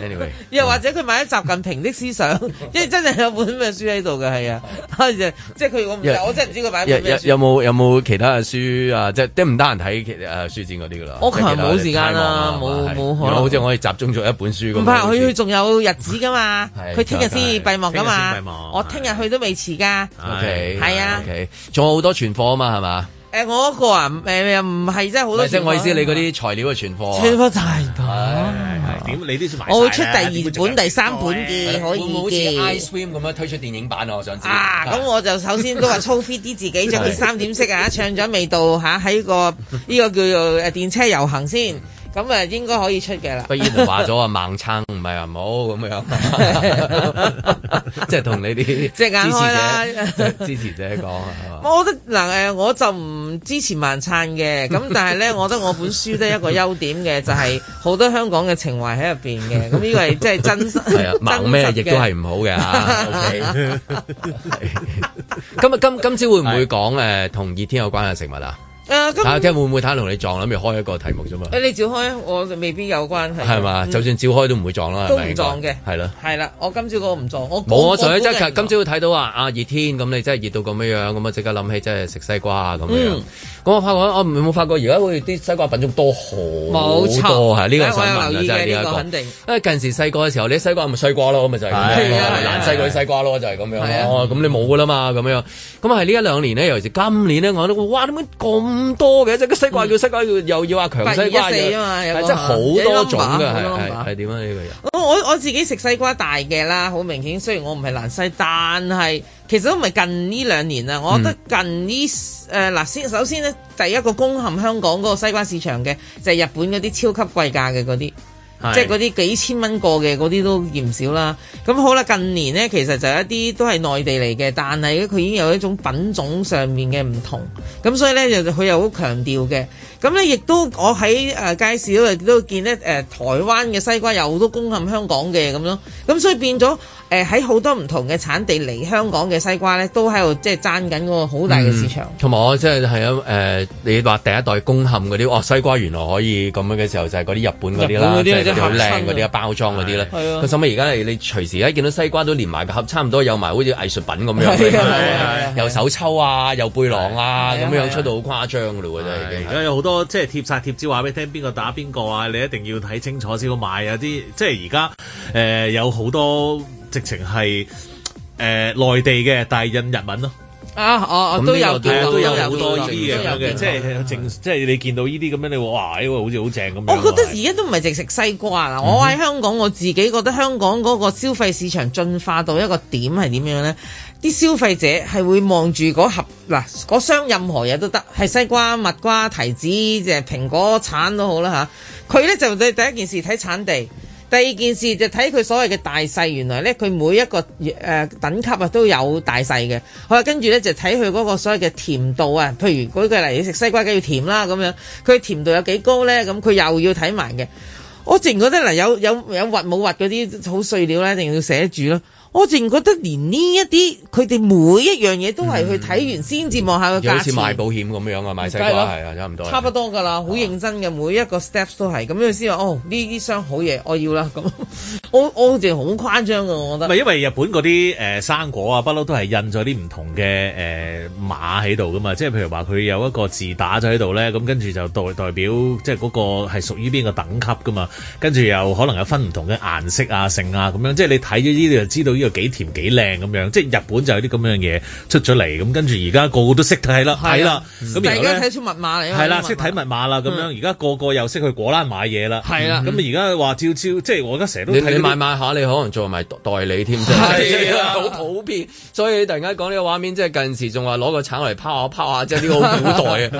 ，anyway，又或者佢買咗習近平的思想，因為真係有本咩書喺度嘅。係啊，即係佢如果唔，我真係唔知佢買咗咩書。有有有冇有冇其他嘅書啊？即係都唔得人睇，誒，書展嗰啲噶啦。我琴日冇時間啦，冇冇好似我哋可以集中咗一本書咁。佢佢仲有日子噶嘛，佢聽日先閉幕噶嘛，我聽日去都未遲噶。OK，係啊，仲有好多存貨啊嘛，係嘛。誒我嗰個啊，誒唔係真係好多。即係我意思，你嗰啲材料嘅存貨，存貨太多。點你啲我會出第二本、第三本嘅，可以會唔會好似《Ice Cream》咁樣推出電影版、啊、我想知。啊，咁我就首先都話操 fit 啲自己，著件 [laughs] 三點式啊，唱咗未到嚇？喺、啊、個呢、這個叫做誒電車遊行先。咁誒應該可以出嘅啦。不如話咗啊，盲撐唔係唔好，咁樣，即係同你啲支持啦，支持者講啊。我覺得嗱誒，我就唔支持盲撐嘅。咁 [laughs] 但係咧，我覺得我本書都一個優點嘅，就係好多香港嘅情懷喺入邊嘅。咁呢 [laughs] 個係真係、啊、真實。盲咩亦都係唔好嘅嚇。咁啊，今今朝會唔會講誒同熱天有關嘅食物啊？誒，睇下、啊、聽會唔會睇同你撞啦，諗住開一個題目啫嘛。誒，你照開，我未必有關係。係嘛，就算照開都唔會撞啦。嗯、吧都唔撞嘅，係咯。係啦、嗯了，我今朝個唔撞，我冇啊。即係就今朝會睇到啊，啊，熱天，咁你真係熱到咁樣樣，咁啊即刻諗起即係食西瓜啊咁樣。我發覺，我冇發覺。而家好啲西瓜品種多好多，係呢個想問啊！真係呢一個。因為近時細個嘅時候，你西瓜咪西瓜咯，咁咪就係蘭西個啲西瓜咯，就係咁樣。咁你冇噶啦嘛，咁樣。咁啊，呢一兩年呢，尤其是今年呢，我覺得哇點解咁多嘅？即係西瓜叫西瓜又要話強西瓜。八二一四啊嘛，有個。即係好多種㗎，係點啊？呢個我我自己食西瓜大嘅啦，好明顯。雖然我唔係蘭西，但係。其實都唔係近呢兩年啊，我覺得近呢誒嗱先，首先咧第一個攻陷香港嗰個西瓜市場嘅就係、是、日本嗰啲超級貴價嘅嗰啲，是即係嗰啲幾千蚊個嘅嗰啲都嫌少啦。咁好啦，近年咧其實就一啲都係內地嚟嘅，但係佢已經有一種品種上面嘅唔同，咁所以咧就佢又好強調嘅。咁咧亦都我喺誒街市都見咧誒、呃、台灣嘅西瓜有好多攻陷香港嘅咁樣，咁所以變咗。誒喺好多唔同嘅產地嚟香港嘅西瓜咧，都喺度即係爭緊嗰個好大嘅市場。同埋我即係係啊誒，你話第一代攻陷嗰啲哦，西瓜原來可以咁樣嘅時候，就係嗰啲日本嗰啲啦，即係好靚嗰啲啊，包裝嗰啲咧。係使咁而家係你隨時而家見到西瓜都連埋個盒，差唔多有埋好似藝術品咁樣，有手抽啊，有背囊啊咁樣出到好誇張噶咯喎，真係已有好多即係貼晒貼紙，話俾你聽邊個打邊個啊！你一定要睇清楚先好買。有啲即係而家誒有好多。直情係誒內地嘅，大印日文咯。啊，我我這樣 都有睇，都有好多呢啲嘅，都有即係是正，的即係你見到呢啲咁樣，你哇，哎喎，好似好正咁。我覺得而家都唔係淨食西瓜嗱，我喺香港我自己覺得香港嗰個消費市場進化到一個點係點樣咧？啲消費者係會望住嗰盒嗱、啊、箱任何嘢都得，係西瓜、蜜瓜、提子、即係蘋果、橙都好啦嚇。佢、啊、咧就第第一件事睇產地。第二件事就睇佢所謂嘅大細，原來咧佢每一個誒、呃、等級啊都有大細嘅。好啦跟住咧就睇佢嗰個所謂嘅甜度啊，譬如舉個例子，食西瓜梗要甜啦咁樣，佢甜度有幾高咧？咁佢又要睇埋嘅。我淨覺得嗱有有有核冇核嗰啲好碎料咧，一定要寫住咯。我淨覺得連呢一啲佢哋每一樣嘢都係去睇完先至望下個價錢、嗯、好似買保險咁樣啊！買西瓜係啊，差唔多，差不多噶啦，好認真嘅，每一個 steps 都係咁、啊、樣先話哦，呢啲箱好嘢，我要啦咁。我我好似好誇張嘅，我覺得。唔係因為日本嗰啲誒生果啊，不嬲都係印咗啲唔同嘅誒碼喺度噶嘛，即係譬如話佢有一個字打咗喺度咧，咁跟住就代代表即係嗰個係屬於邊個等級噶嘛，跟住又可能有分唔同嘅顏色啊、成啊咁樣，即係你睇咗呢啲就知道、這個幾甜幾靚咁樣，即係日本就有啲咁樣嘢，出咗嚟，咁跟住而家個個都識睇啦，係啦，咁大家睇出密碼，嚟，係啦，識睇密碼啦，咁樣而家個個又識去果欄買嘢啦，係啦，咁而家話照照，即係我而家成日都睇你你買買下，你可能做埋代理添，係啊，好普遍。所以突然間講呢個畫面，即係近時仲話攞個橙嚟拋下拋下，即係呢個古代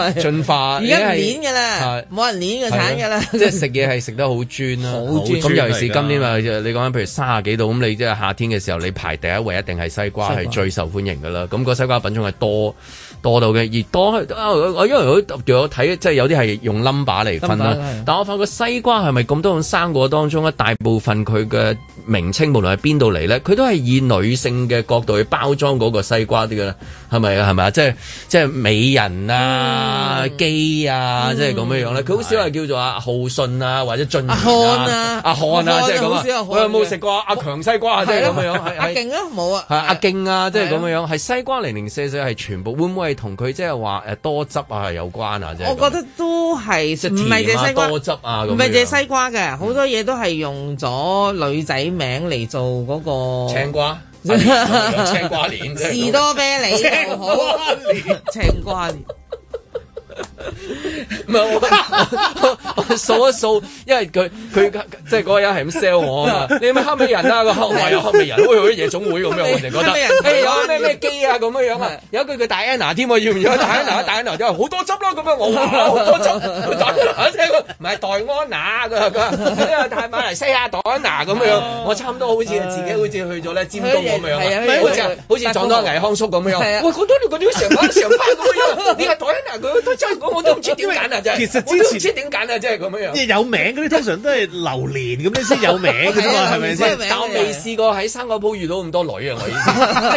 啊，進化而家唔碾㗎啦，冇人碾個橙㗎啦，即係食嘢係食得好專好，咁尤其是今年啊，你講緊譬如三十幾度咁你即係夏天嘅時候，你排第一位一定係西瓜係瓜最受歡迎噶啦，咁、嗰個西瓜品種係多多到嘅。而多，因為我睇，即係有啲係用 number 嚟分啦。但我發覺西瓜係咪咁多種生果當中咧，大部分佢嘅名稱無論喺邊度嚟咧，佢都係以女性嘅角度去包裝嗰個西瓜啲嘅噶。係咪啊？係咪？即係即係美人啊，姬啊，即係咁樣樣咧。佢好少係叫做啊浩信啊，或者俊漢啊、阿漢啊，即係咁啊。我有冇食過阿強西瓜啊？即係咁樣樣。阿勁啊，冇啊。阿勁啊，即係咁樣樣。係西瓜零零四四，係全部會唔會係同佢即係話誒多汁啊有關啊？即係我覺得都係唔係隻西瓜多汁啊？唔係隻西瓜嘅，好多嘢都係用咗女仔名嚟做嗰個青瓜，青瓜鏈啫，士多啤梨，青瓜鏈，青瓜鏈。唔係我我掃一掃，因為佢佢即係嗰個人係咁 sell 我啊！你咪黑美人啊？個黑華又黑美人，會唔會啲夜總會咁樣？我哋覺得咩人？咩咩機啊咁嘅樣啊！有一句叫戴安娜添，要唔要戴安娜？戴安娜就係好多汁咯咁樣，我好多汁，唔係戴安娜㗎㗎，即係帶翻嚟 sell 下戴安娜咁樣。我差唔多好似自己好似去咗咧尖東咁樣，好似撞到個倪康叔咁樣。喂，覺得你嗰啲成班成班咁樣，你係戴安娜佢都真係我我都唔知點。其實我都唔知點揀啊？真係咁樣，即係有名嗰啲通常都係榴槤咁樣先有名嘅啫嘛，係咪先？但我未試過喺生果鋪遇到咁多女啊！我意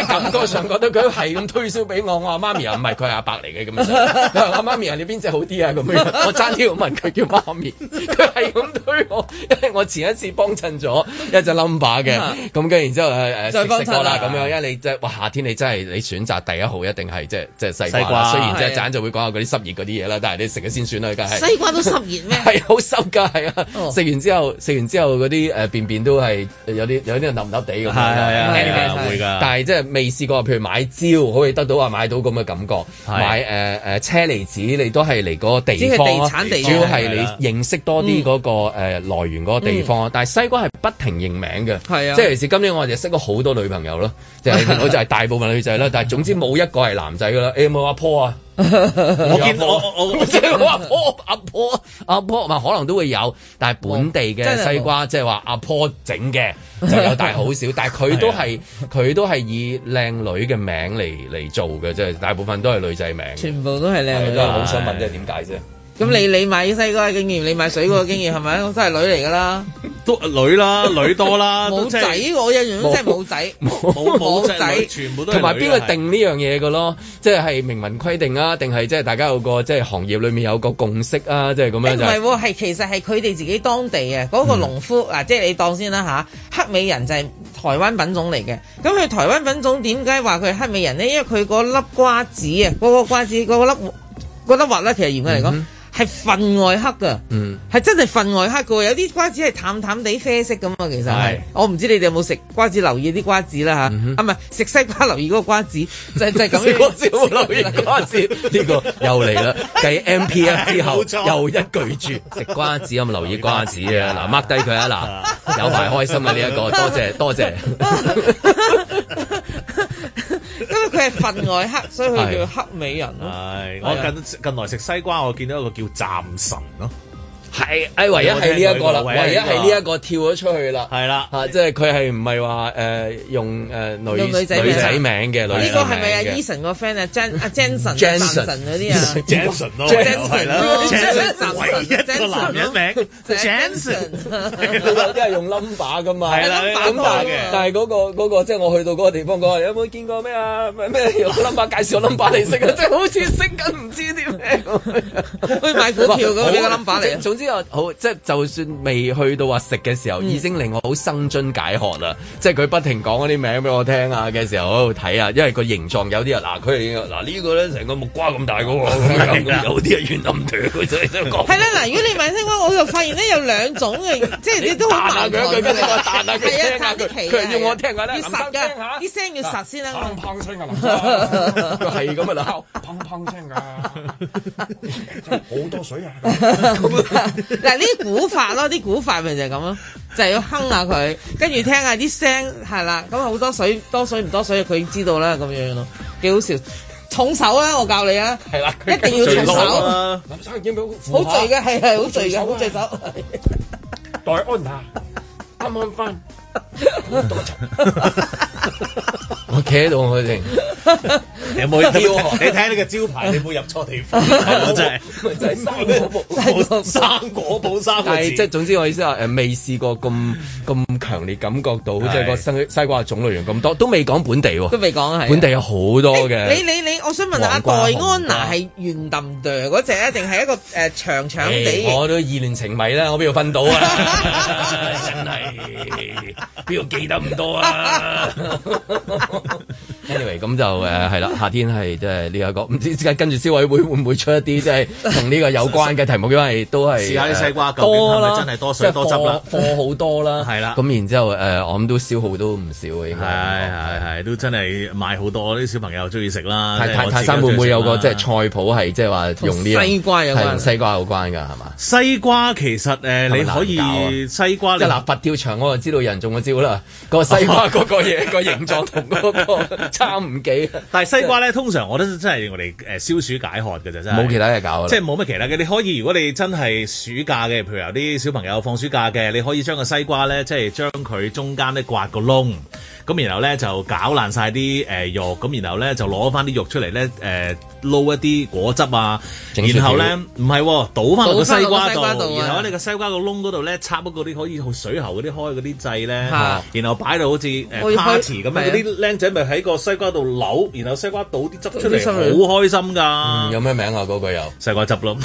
思，感覺上覺得佢係咁推銷俾我。我話媽咪啊，唔係佢係阿伯嚟嘅咁樣。我話媽咪啊，你邊隻好啲啊？咁樣，我爭啲要問佢叫媽咪。佢係咁推我，因為我前一次幫襯咗一隻 number 嘅，咁跟住然之後誒食過啦咁樣。因為你即係哇，夏天你真係你選擇第一號一定係即係即係西瓜。雖然即係盞就會講下嗰啲濕熱嗰啲嘢啦，但係你食。先算啦，梗係西瓜都濕熱咩？係好濕噶，係啊！食完之後，食完之後嗰啲誒便便都係有啲有啲人腍腍地咁。係係係會㗎。但係即係未試過，譬如買蕉可以得到啊，買到咁嘅感覺。買誒誒車厘子，你都係嚟嗰個地方咯。主要係你認識多啲嗰個誒來源嗰個地方。但係西瓜係不停認名嘅。係啊，即係其實今年我哋識咗好多女朋友咯，就係我就係大部分女仔啦。但係總之冇一個係男仔㗎啦。有冇阿婆啊？ [laughs] 波 [laughs] 我見我即係阿婆，阿婆阿婆，話可能都會有，但係本地嘅西瓜，即係話阿婆整嘅就有大好少，但係佢都係佢 [laughs] 對 都係以靚女嘅名嚟嚟做嘅，即係大部分都係女仔名，全部都係靚女。我好想問，即係點解啫？咁你你買西瓜嘅經驗，你買水果嘅經驗係咪？都係女嚟噶啦，都女啦，女多啦。冇仔，我一樣都真係冇仔，冇仔，全部都。同埋邊個定呢樣嘢嘅咯？即係係明文規定啊定係即係大家有個即係行業裏面有個共識啊？即係咁樣。唔係，係其實係佢哋自己當地嘅嗰個農夫嗱，即係你當先啦吓。黑美人就係台灣品種嚟嘅。咁佢台灣品種點解話佢係黑美人呢？因為佢嗰粒瓜子啊，嗰個瓜子粒粒核咧，其實嚴格嚟講。係分外黑噶，係真係分外黑噶，有啲瓜子係淡淡地啡色咁啊。其實係，我唔知你哋有冇食瓜子，留意啲瓜子啦吓，唔係食西瓜留意嗰個瓜子，就就咁樣。瓜子好留意，瓜子呢個又嚟啦，繼 M P S 之後又一巨著，食瓜子有冇留意瓜子啊。嗱，mark 低佢啊，嗱，有排開心啊呢一個。多謝多謝，因為佢係分外黑，所以佢叫黑美人。係我近近來食西瓜，我見到一個叫要暫神咯。係，誒唯一係呢一個啦，唯一係呢一個跳咗出去啦，係啦，啊，即係佢係唔係話誒用誒女女仔名嘅？女呢個係咪啊？Eason 個 friend 啊，Jen 啊，Jenson，Jenson 嗰啲啊，Jenson 咯，Jenson 啦 Jenson，Jenson 個男人名，Jenson，有啲係用 number 嘅嘛，係啦 number 嘅，但係嗰個即係我去到嗰個地方講，有冇見過咩啊？咩用 number 介紹 number 嚟識啊？即係好似識緊唔知啲咩，去買股票咁樣，用 number 嚟，總之。呢個好，即係就算未去到話食嘅時候，已經令我好生津解渴啦。即係佢不停講嗰啲名俾我聽啊嘅時候，喺度睇啊，因為個形狀有啲啊，嗱佢嗱呢個咧成個木瓜咁大個喎，有啲係圓林團，佢就係咁講。係啦，嗱，如果你問聲我，我就發現咧有兩種嘅，即係你都好麻嘅一句，跟住我彈下佢聽下佢，佢係要我聽嘅咧，要實嘅，啲聲要實先啦。砰砰聲嘅，係咁啊，砰砰聲嘅，好多水啊。嗱，呢啲古法咯，啲古法咪就係咁咯，就係要哼下佢，跟住聽下啲聲，係啦，咁好多水多水唔多水，佢已經知道啦，咁樣咯，幾好笑，重手啊，我教你啊，係啦，一定要重手啊，手要唔要好重嘅，係係好重嘅，好重手，答案啊，啱啱翻。多長？我企喺度，我哋有冇標？你睇下呢個招牌，你冇入錯地方，就係咪就係生果寶？生果寶三個字。但係即係總之，我意思話，誒，未試過咁咁強烈感覺到，即係個西西瓜種類源咁多，都未講本地喎，都未講係本地有好多嘅。你你你，我想問下，黛安娜係圓凼，哚嗰隻啊，定係一個誒長長哋？我都意亂情迷啦，我邊度分到啊？真係。邊度記得咁多啊？Anyway，咁就誒係啦，夏天係即係呢一個，唔知即係跟住消委會會唔會出一啲即係同呢個有關嘅題目，因為都係食下啲西瓜，多啦，真係多水，多汁啦，貨好多啦，係啦。咁然之後誒，我諗都消耗都唔少嘅，應該係係係，都真係賣好多，啲小朋友中意食啦。泰山會唔會有個即係菜譜係即係話用呢個西瓜啊，同西瓜有關噶係嘛？西瓜其實誒，你可以西瓜一拿佛跳牆，我啊知道人我知啦，個西瓜嗰個嘢個形狀同嗰個差唔幾。但係西瓜咧，通常我都真係用嚟消暑解渴嘅咋，真係。冇其他嘢搞啦，即係冇乜其他嘅。你可以如果你真係暑假嘅，譬如有啲小朋友放暑假嘅，你可以將個西瓜咧，即係將佢中間咧刮個窿。 [laughs] 咁然後咧就搞爛晒啲誒肉，咁、呃、然後咧就攞翻啲肉出嚟咧誒撈一啲果汁啊，弄書 然後咧唔係倒翻落個西瓜度，瓜然後喺你個西瓜個窿嗰度咧插一個啲可以水喉嗰啲開嗰啲掣咧，啊、然後擺到好似 party 咁樣，啲僆仔咪喺個西瓜度扭，然後西瓜倒啲汁出嚟，好開心㗎、嗯！有咩名啊？嗰個又西瓜汁咯。 [laughs]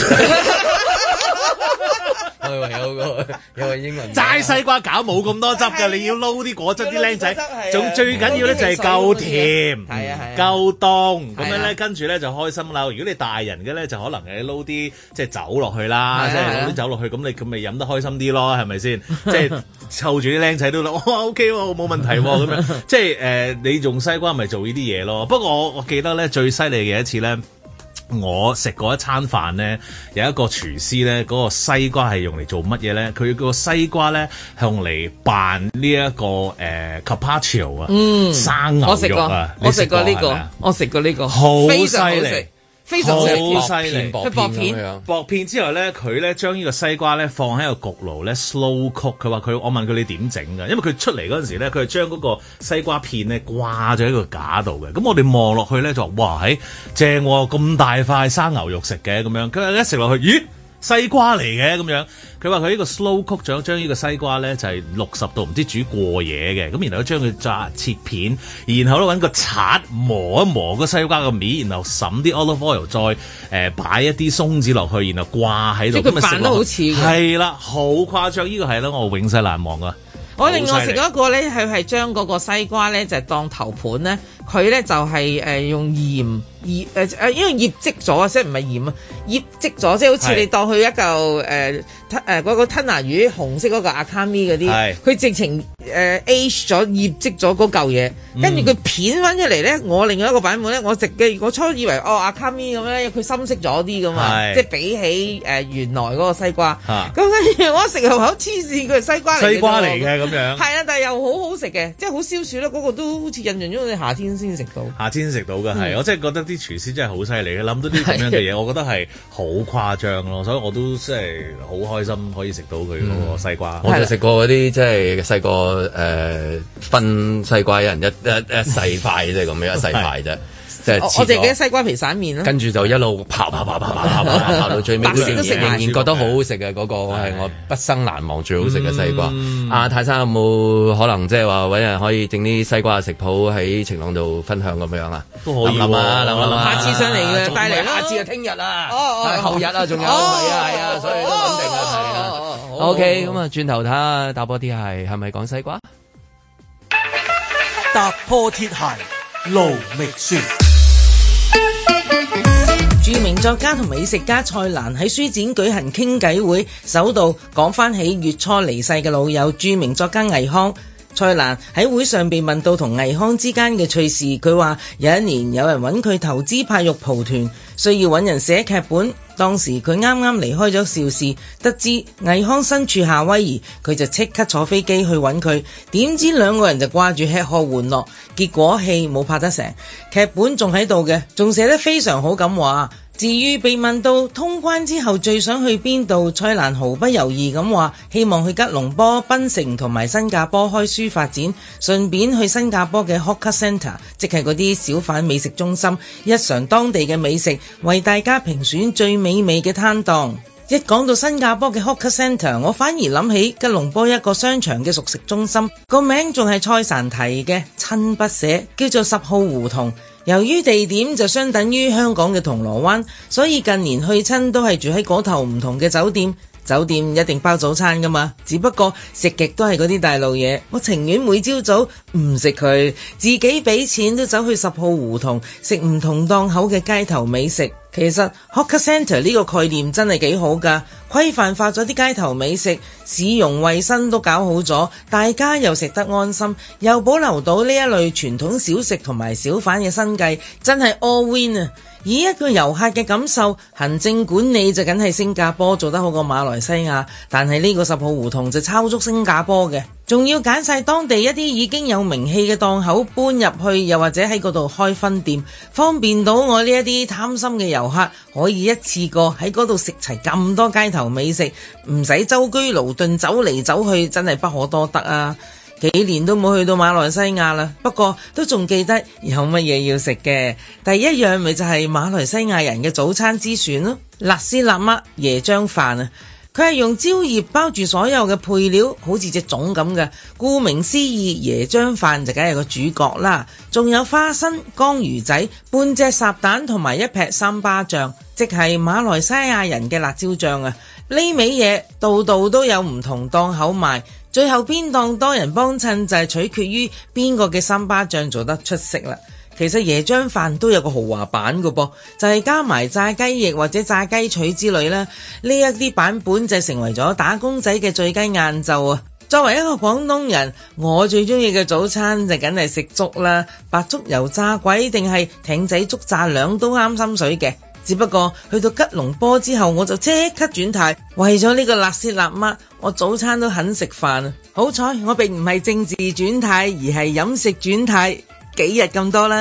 有個有個英文齋西瓜搞冇咁多汁㗎，你要撈啲果汁啲靚仔，仲最緊要咧就係夠甜，夠凍，咁樣咧跟住咧就開心啦。如果你大人嘅咧，就可能係撈啲即係酒落去啦，即係撈啲酒落去，咁你佢咪飲得開心啲咯，係咪先？即係湊住啲靚仔都得，我 OK 喎，冇問題喎，咁樣即係誒，你用西瓜咪做呢啲嘢咯。不過我我記得咧最犀利嘅一次咧。我食過一餐飯咧，有一個廚師咧，嗰個西瓜係用嚟做乜嘢咧？佢個西瓜咧係用嚟扮呢一個誒 Carpaccio 啊，呃 cio，嗯，生牛肉啊，我食過，呢個，嗎我食過呢個，好犀利。非常之犀利！薄片，薄，片薄片，薄片之後咧，佢咧將呢個西瓜咧放喺個焗爐咧 slow cook。佢話佢，我問佢你點整㗎？因為佢出嚟嗰陣時咧，佢係將嗰個西瓜片咧掛咗喺個架度嘅。咁我哋望落去咧就話哇，喺、欸、正喎、哦，咁大塊生牛肉食嘅咁樣。咁一食落去，咦？西瓜嚟嘅咁樣，佢話佢呢個 slow cook 想將呢個西瓜咧就係六十度唔知煮過嘢嘅，咁然後咧將佢炸切片，然後咧揾個刷磨一磨個西瓜個面，然後滲啲 olive oil，再誒擺、呃、一啲松子落去，然後掛喺度。即係佢扮得好似，係啦，好誇張，呢、這個係咯，我永世難忘噶。我另外食咗一個咧，係係將嗰個西瓜咧就是、當頭盤咧。佢咧就係誒用鹽醃誒誒，因為醃漬咗啊，即係唔係鹽啊，醃漬咗，即係好似你當佢一嚿誒吞誒嗰個吞拿魚紅色嗰、那個阿卡咪嗰啲，佢、啊、是直情誒 a 咗醃漬咗嗰嚿嘢，跟住佢片翻出嚟咧，我另外一個版本咧，我食嘅我初以為哦阿卡、啊、咪 m i 咁咧，佢深色咗啲咁嘛，是即係比起誒、呃、原來嗰個西瓜，咁跟住我食又好黐線，佢係西瓜嚟，西瓜嚟嘅咁樣，係啊，但係又好好食嘅，即係好消暑啦，嗰、那個都好似印象中嘅、那個、夏天。夏天先食到，夏天食到嘅係、嗯，我真係覺得啲廚師真係好犀利，佢諗到啲咁樣嘅嘢，的我覺得係好誇張咯，所以我都真係好開心可以食到佢嗰個西瓜。嗯、我就食過嗰啲即係細個誒分西瓜一人一誒誒細塊即係咁樣，一細塊啫。 [laughs] 我哋嘅西瓜皮散面啦，跟住就一路跑跑跑跑跑跑跑到最尾，白色都食埋，仍然覺得好好食嘅嗰個係我畢生難忘最好食嘅西瓜。阿泰生有冇可能即係話揾人可以整啲西瓜食譜喺晴朗度分享咁樣啊？都可以，諗諗啊，諗諗，下次上嚟嘅帶嚟下次啊，聽日啊，後日啊，仲有，係啊，係啊，所以都穩定緊嚟嘅。OK，咁啊，轉頭睇下踏破鐵鞋係咪講西瓜？踏破鐵鞋路未絕。著名作家同美食家蔡瀾喺書展舉行傾偈會，首度講翻起，起月初離世嘅老友，著名作家倪匡。蔡瀾喺會上邊問到同倪匡之間嘅趣事，佢話有一年有人揾佢投資拍玉蒲團，需要揾人寫劇本。當時佢啱啱離開咗邵氏，得知倪匡身處夏威夷，佢就即刻坐飛機去揾佢。點知兩個人就掛住吃喝玩樂，結果戲冇拍得成，劇本仲喺度嘅，仲寫得非常好咁話。至於被問到通關之後最想去邊度，蔡瀾毫不猶豫咁話：希望去吉隆坡、檳城同埋新加坡開書發展，順便去新加坡嘅 Hawker Centre，即係嗰啲小販美食中心，一嚐當地嘅美食，為大家評選最美味嘅攤檔。一講到新加坡嘅 Hawker Centre，我反而諗起吉隆坡一個商場嘅熟食中心，個名仲係蔡瀾提嘅，親筆寫叫做十號胡同。由於地點就相等於香港嘅銅鑼灣，所以近年去親都係住喺嗰頭唔同嘅酒店，酒店一定包早餐㗎嘛。只不過食極都係嗰啲大路嘢，我情願每朝早唔食佢，自己畀錢都走去十號胡同，食唔同檔口嘅街頭美食。其實 Hawker Centre 呢個概念真係幾好噶，規範化咗啲街頭美食，市容衛生都搞好咗，大家又食得安心，又保留到呢一類傳統小食同埋小販嘅生計，真係 all win 啊！以一個遊客嘅感受，行政管理就梗係新加坡做得好過馬來西亞，但係呢個十號胡同就抄足新加坡嘅，仲要揀晒當地一啲已經有名氣嘅檔口搬入去，又或者喺嗰度開分店，方便到我呢一啲貪心嘅遊客。可以一次過喺嗰度食齊咁多街頭美食，唔使舟居勞頓走嚟走去，真係不可多得啊！幾年都冇去到馬來西亞啦，不過都仲記得有乜嘢要食嘅。第一樣咪就係馬來西亞人嘅早餐之選咯，辣斯辣乜椰漿飯啊！佢係用蕉葉包住所有嘅配料，好似隻粽咁嘅。顧名思義，椰漿飯就梗係個主角啦。仲有花生、江魚仔、半隻烚蛋同埋一劈三巴醬，即係馬來西亞人嘅辣椒醬啊！呢味嘢度度都有唔同檔口賣。最後邊檔多人幫襯就係、是、取決於邊個嘅三巴醬做得出色啦。其實椰漿飯都有個豪華版嘅噃，就係、是、加埋炸雞翼或者炸雞腿之類啦。呢一啲版本就成為咗打工仔嘅最佳晏晝啊！作為一個廣東人，我最中意嘅早餐就梗係食粥啦，白粥油炸鬼定係艇仔粥炸兩都啱心水嘅。只不過去到吉隆坡之後，我就即刻轉態，為咗呢個辣舌辣物，我早餐都肯食飯。好彩我並唔係政治轉態，而係飲食轉態。幾日咁多啦？